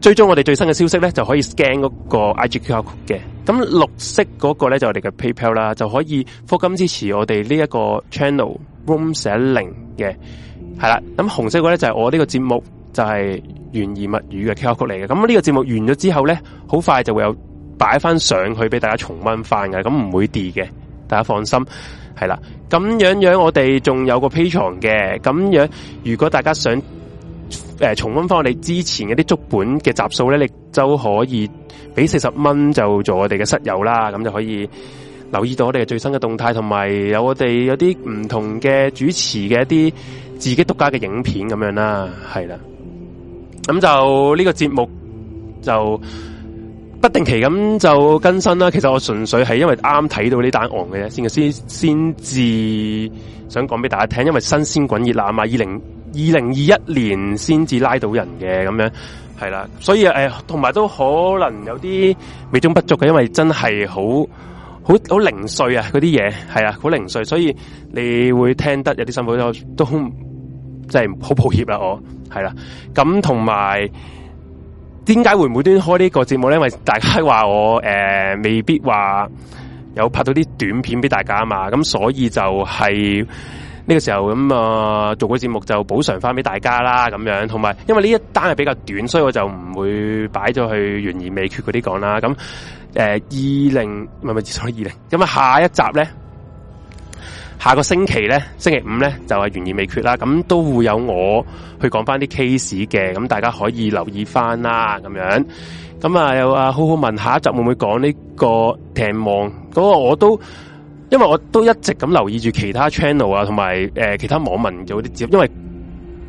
就是、追蹤我哋最新嘅消息咧，就可以 scan 嗰個 I G QR Code 嘅。咁綠色嗰個咧就我哋嘅 PayPal 啦，就可以課金支持我哋呢一個 channel。Room410 嘅係啦，咁紅、hmm. 故事色呢、就是、個咧就係我呢個節目就係懸疑物語嘅 K 曲嚟嘅。咁呢個節目完咗之後咧，好快就會有擺翻上去俾大家重溫翻嘅，咁唔會跌嘅，大家放心。係啦，咁樣樣我哋仲有個 Patreon 嘅，咁樣如果大家想誒重溫翻我哋之前嗰啲足本嘅集數咧，你就可以俾四十蚊就做我哋嘅室友啦，咁就可以，留意到我哋最新嘅動態，同埋有我哋有啲唔同嘅主持嘅一啲自己獨家嘅影片咁樣啦，係啦。咁就呢個節目就不定期咁就更新啦。其實我純粹係因為啱睇到呢單案嘅啫，先先至想講俾大家聽，因為新鮮滾熱辣啊嘛！二零二零二一年先至拉到人嘅咁樣，係啦。所以誒，同埋都可能有啲美中不足嘅，因為真係好。好好零碎啊！嗰啲嘢係啊，好零碎，所以你會聽得有啲辛苦都都真係好抱歉啦、啊，我係啦。咁同埋點解會唔會端開呢個節目咧？因為大家話我誒、呃、未必話有拍到啲短片俾大家嘛，咁所以就係呢個時候咁啊、嗯呃、做個節目就補償翻俾大家啦，咁樣同埋因為呢一單係比較短，所以我就唔會擺咗去懸而未決嗰啲講啦，咁。誒、呃，二零唔係唔係二零，咁啊，下一集咧，下個星期咧，星期五咧就係懸疑未決啦。咁都會有我去講翻啲 case 嘅，咁大家可以留意翻啦。咁樣，咁啊又啊好好問一下，下一集會唔會講呢個展望？嗰個我都，因為我都一直咁留意住其他 channel 啊，同埋誒其他網民做啲節目，因為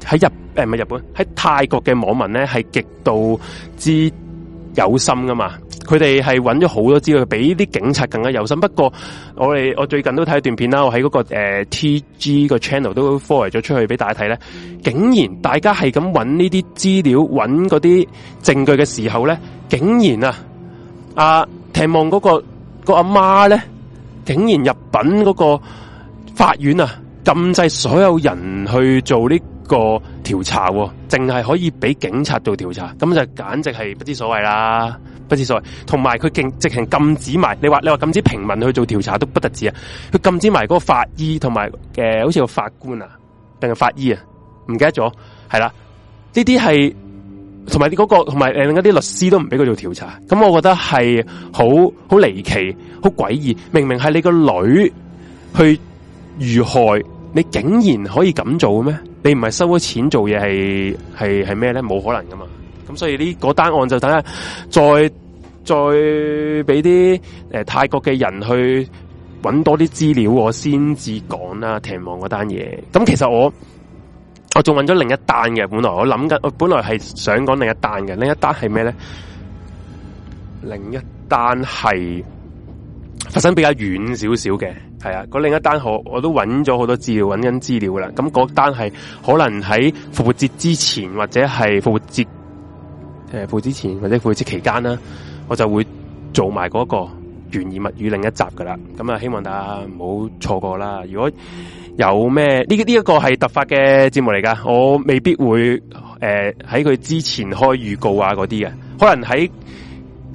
喺日誒唔係日本喺泰國嘅網民咧係極度之有心噶嘛。佢哋係搵咗好多資料，比啲警察更加有心。不過我哋我最近都睇一段片啦，我喺、那個誒 T G 個 channel 都 forward 咗出去俾大家睇咧。竟然大家係咁搵呢啲資料、搵啲證據嘅時候咧，竟然啊啊！期望、那個個阿媽咧，竟然入稟個法院啊，禁制所有人去做呢。個調查淨係可以俾警察做調查，咁就簡直係不知所謂啦，不知所謂。同埋佢竟直情禁止埋，你話你話禁止平民去做調查都不得止啊！佢禁止埋嗰個法醫同埋嘅，好似個法官啊，定係法醫啊，唔記得咗，係啦。呢啲係同埋嗰個，同埋另一啲律師都唔俾佢做調查。咁我覺得係好好離奇、好詭異。明明係你個女去遇害，你竟然可以咁做咩？你唔係收咗錢做嘢，係係係咩咧？冇可能噶嘛咁所以呢嗰單案就等下再再俾啲誒泰國嘅人去搵多啲資料，我先至講啦，停望嗰單嘢。咁其實我我仲問咗另一單嘅，本來我諗緊，我本來係想講另一單嘅，另一單係咩咧？另一單係發生比較遠少少嘅。係啊，嗰另一單我我都揾咗好多資料，揾緊資料啦。咁嗰單係可能喺復活節之前，或者係復活節誒，復活節前或者復活節期間啦，我就會做埋嗰個懸疑物語另一集噶啦。咁啊，希望大家唔好錯過啦。如果有咩呢？呢一個係突發嘅節目嚟噶，我未必會誒喺佢之前開預告啊嗰啲嘅。可能喺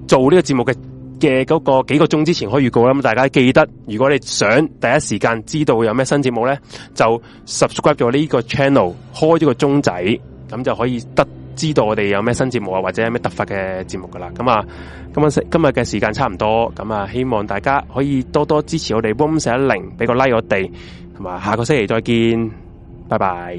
做呢個節目嘅。嘅嗰個幾個鐘之前可以預告啦。咁，大家記得，如果你想第一時間知道有咩新節目咧，就 subscribe 咗呢個 channel，開咗個鐘仔，咁就可以得知道我哋有咩新節目啊，或者有咩特發嘅節目噶啦。咁啊，今日今日嘅時間差唔多，咁啊，希望大家可以多多支持我哋 Room 四一零，俾個 like 我哋，同埋下個星期再見，拜拜。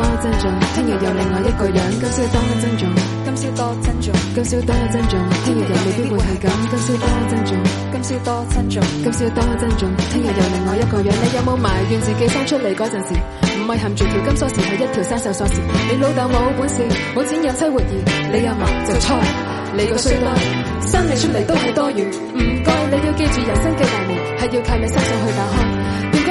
多珍重，聽日又另外一個樣。今宵多珍重，今宵多珍重，今宵多珍重。聽日又未必會係咁。今宵多珍重，今宵多珍重，今宵多珍重。聽日又另外一個樣。你有冇埋怨自己生出嚟嗰陣時，唔係含住條金鎖匙，係一條生鏽鎖匙？你老豆冇本事，冇錢有妻活兒，你又盲就菜，你個衰多，生你出嚟都係多餘。唔該，你要記住，人生嘅大門係要靠你伸手去打開。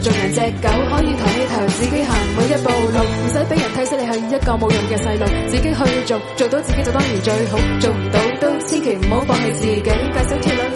做人隻狗，可以抬起頭，自己行每一步路，唔使俾人睇死。你係一個冇用嘅細路，自己去做，做到自己就當然最好，做唔到都千祈唔好放棄自己，介心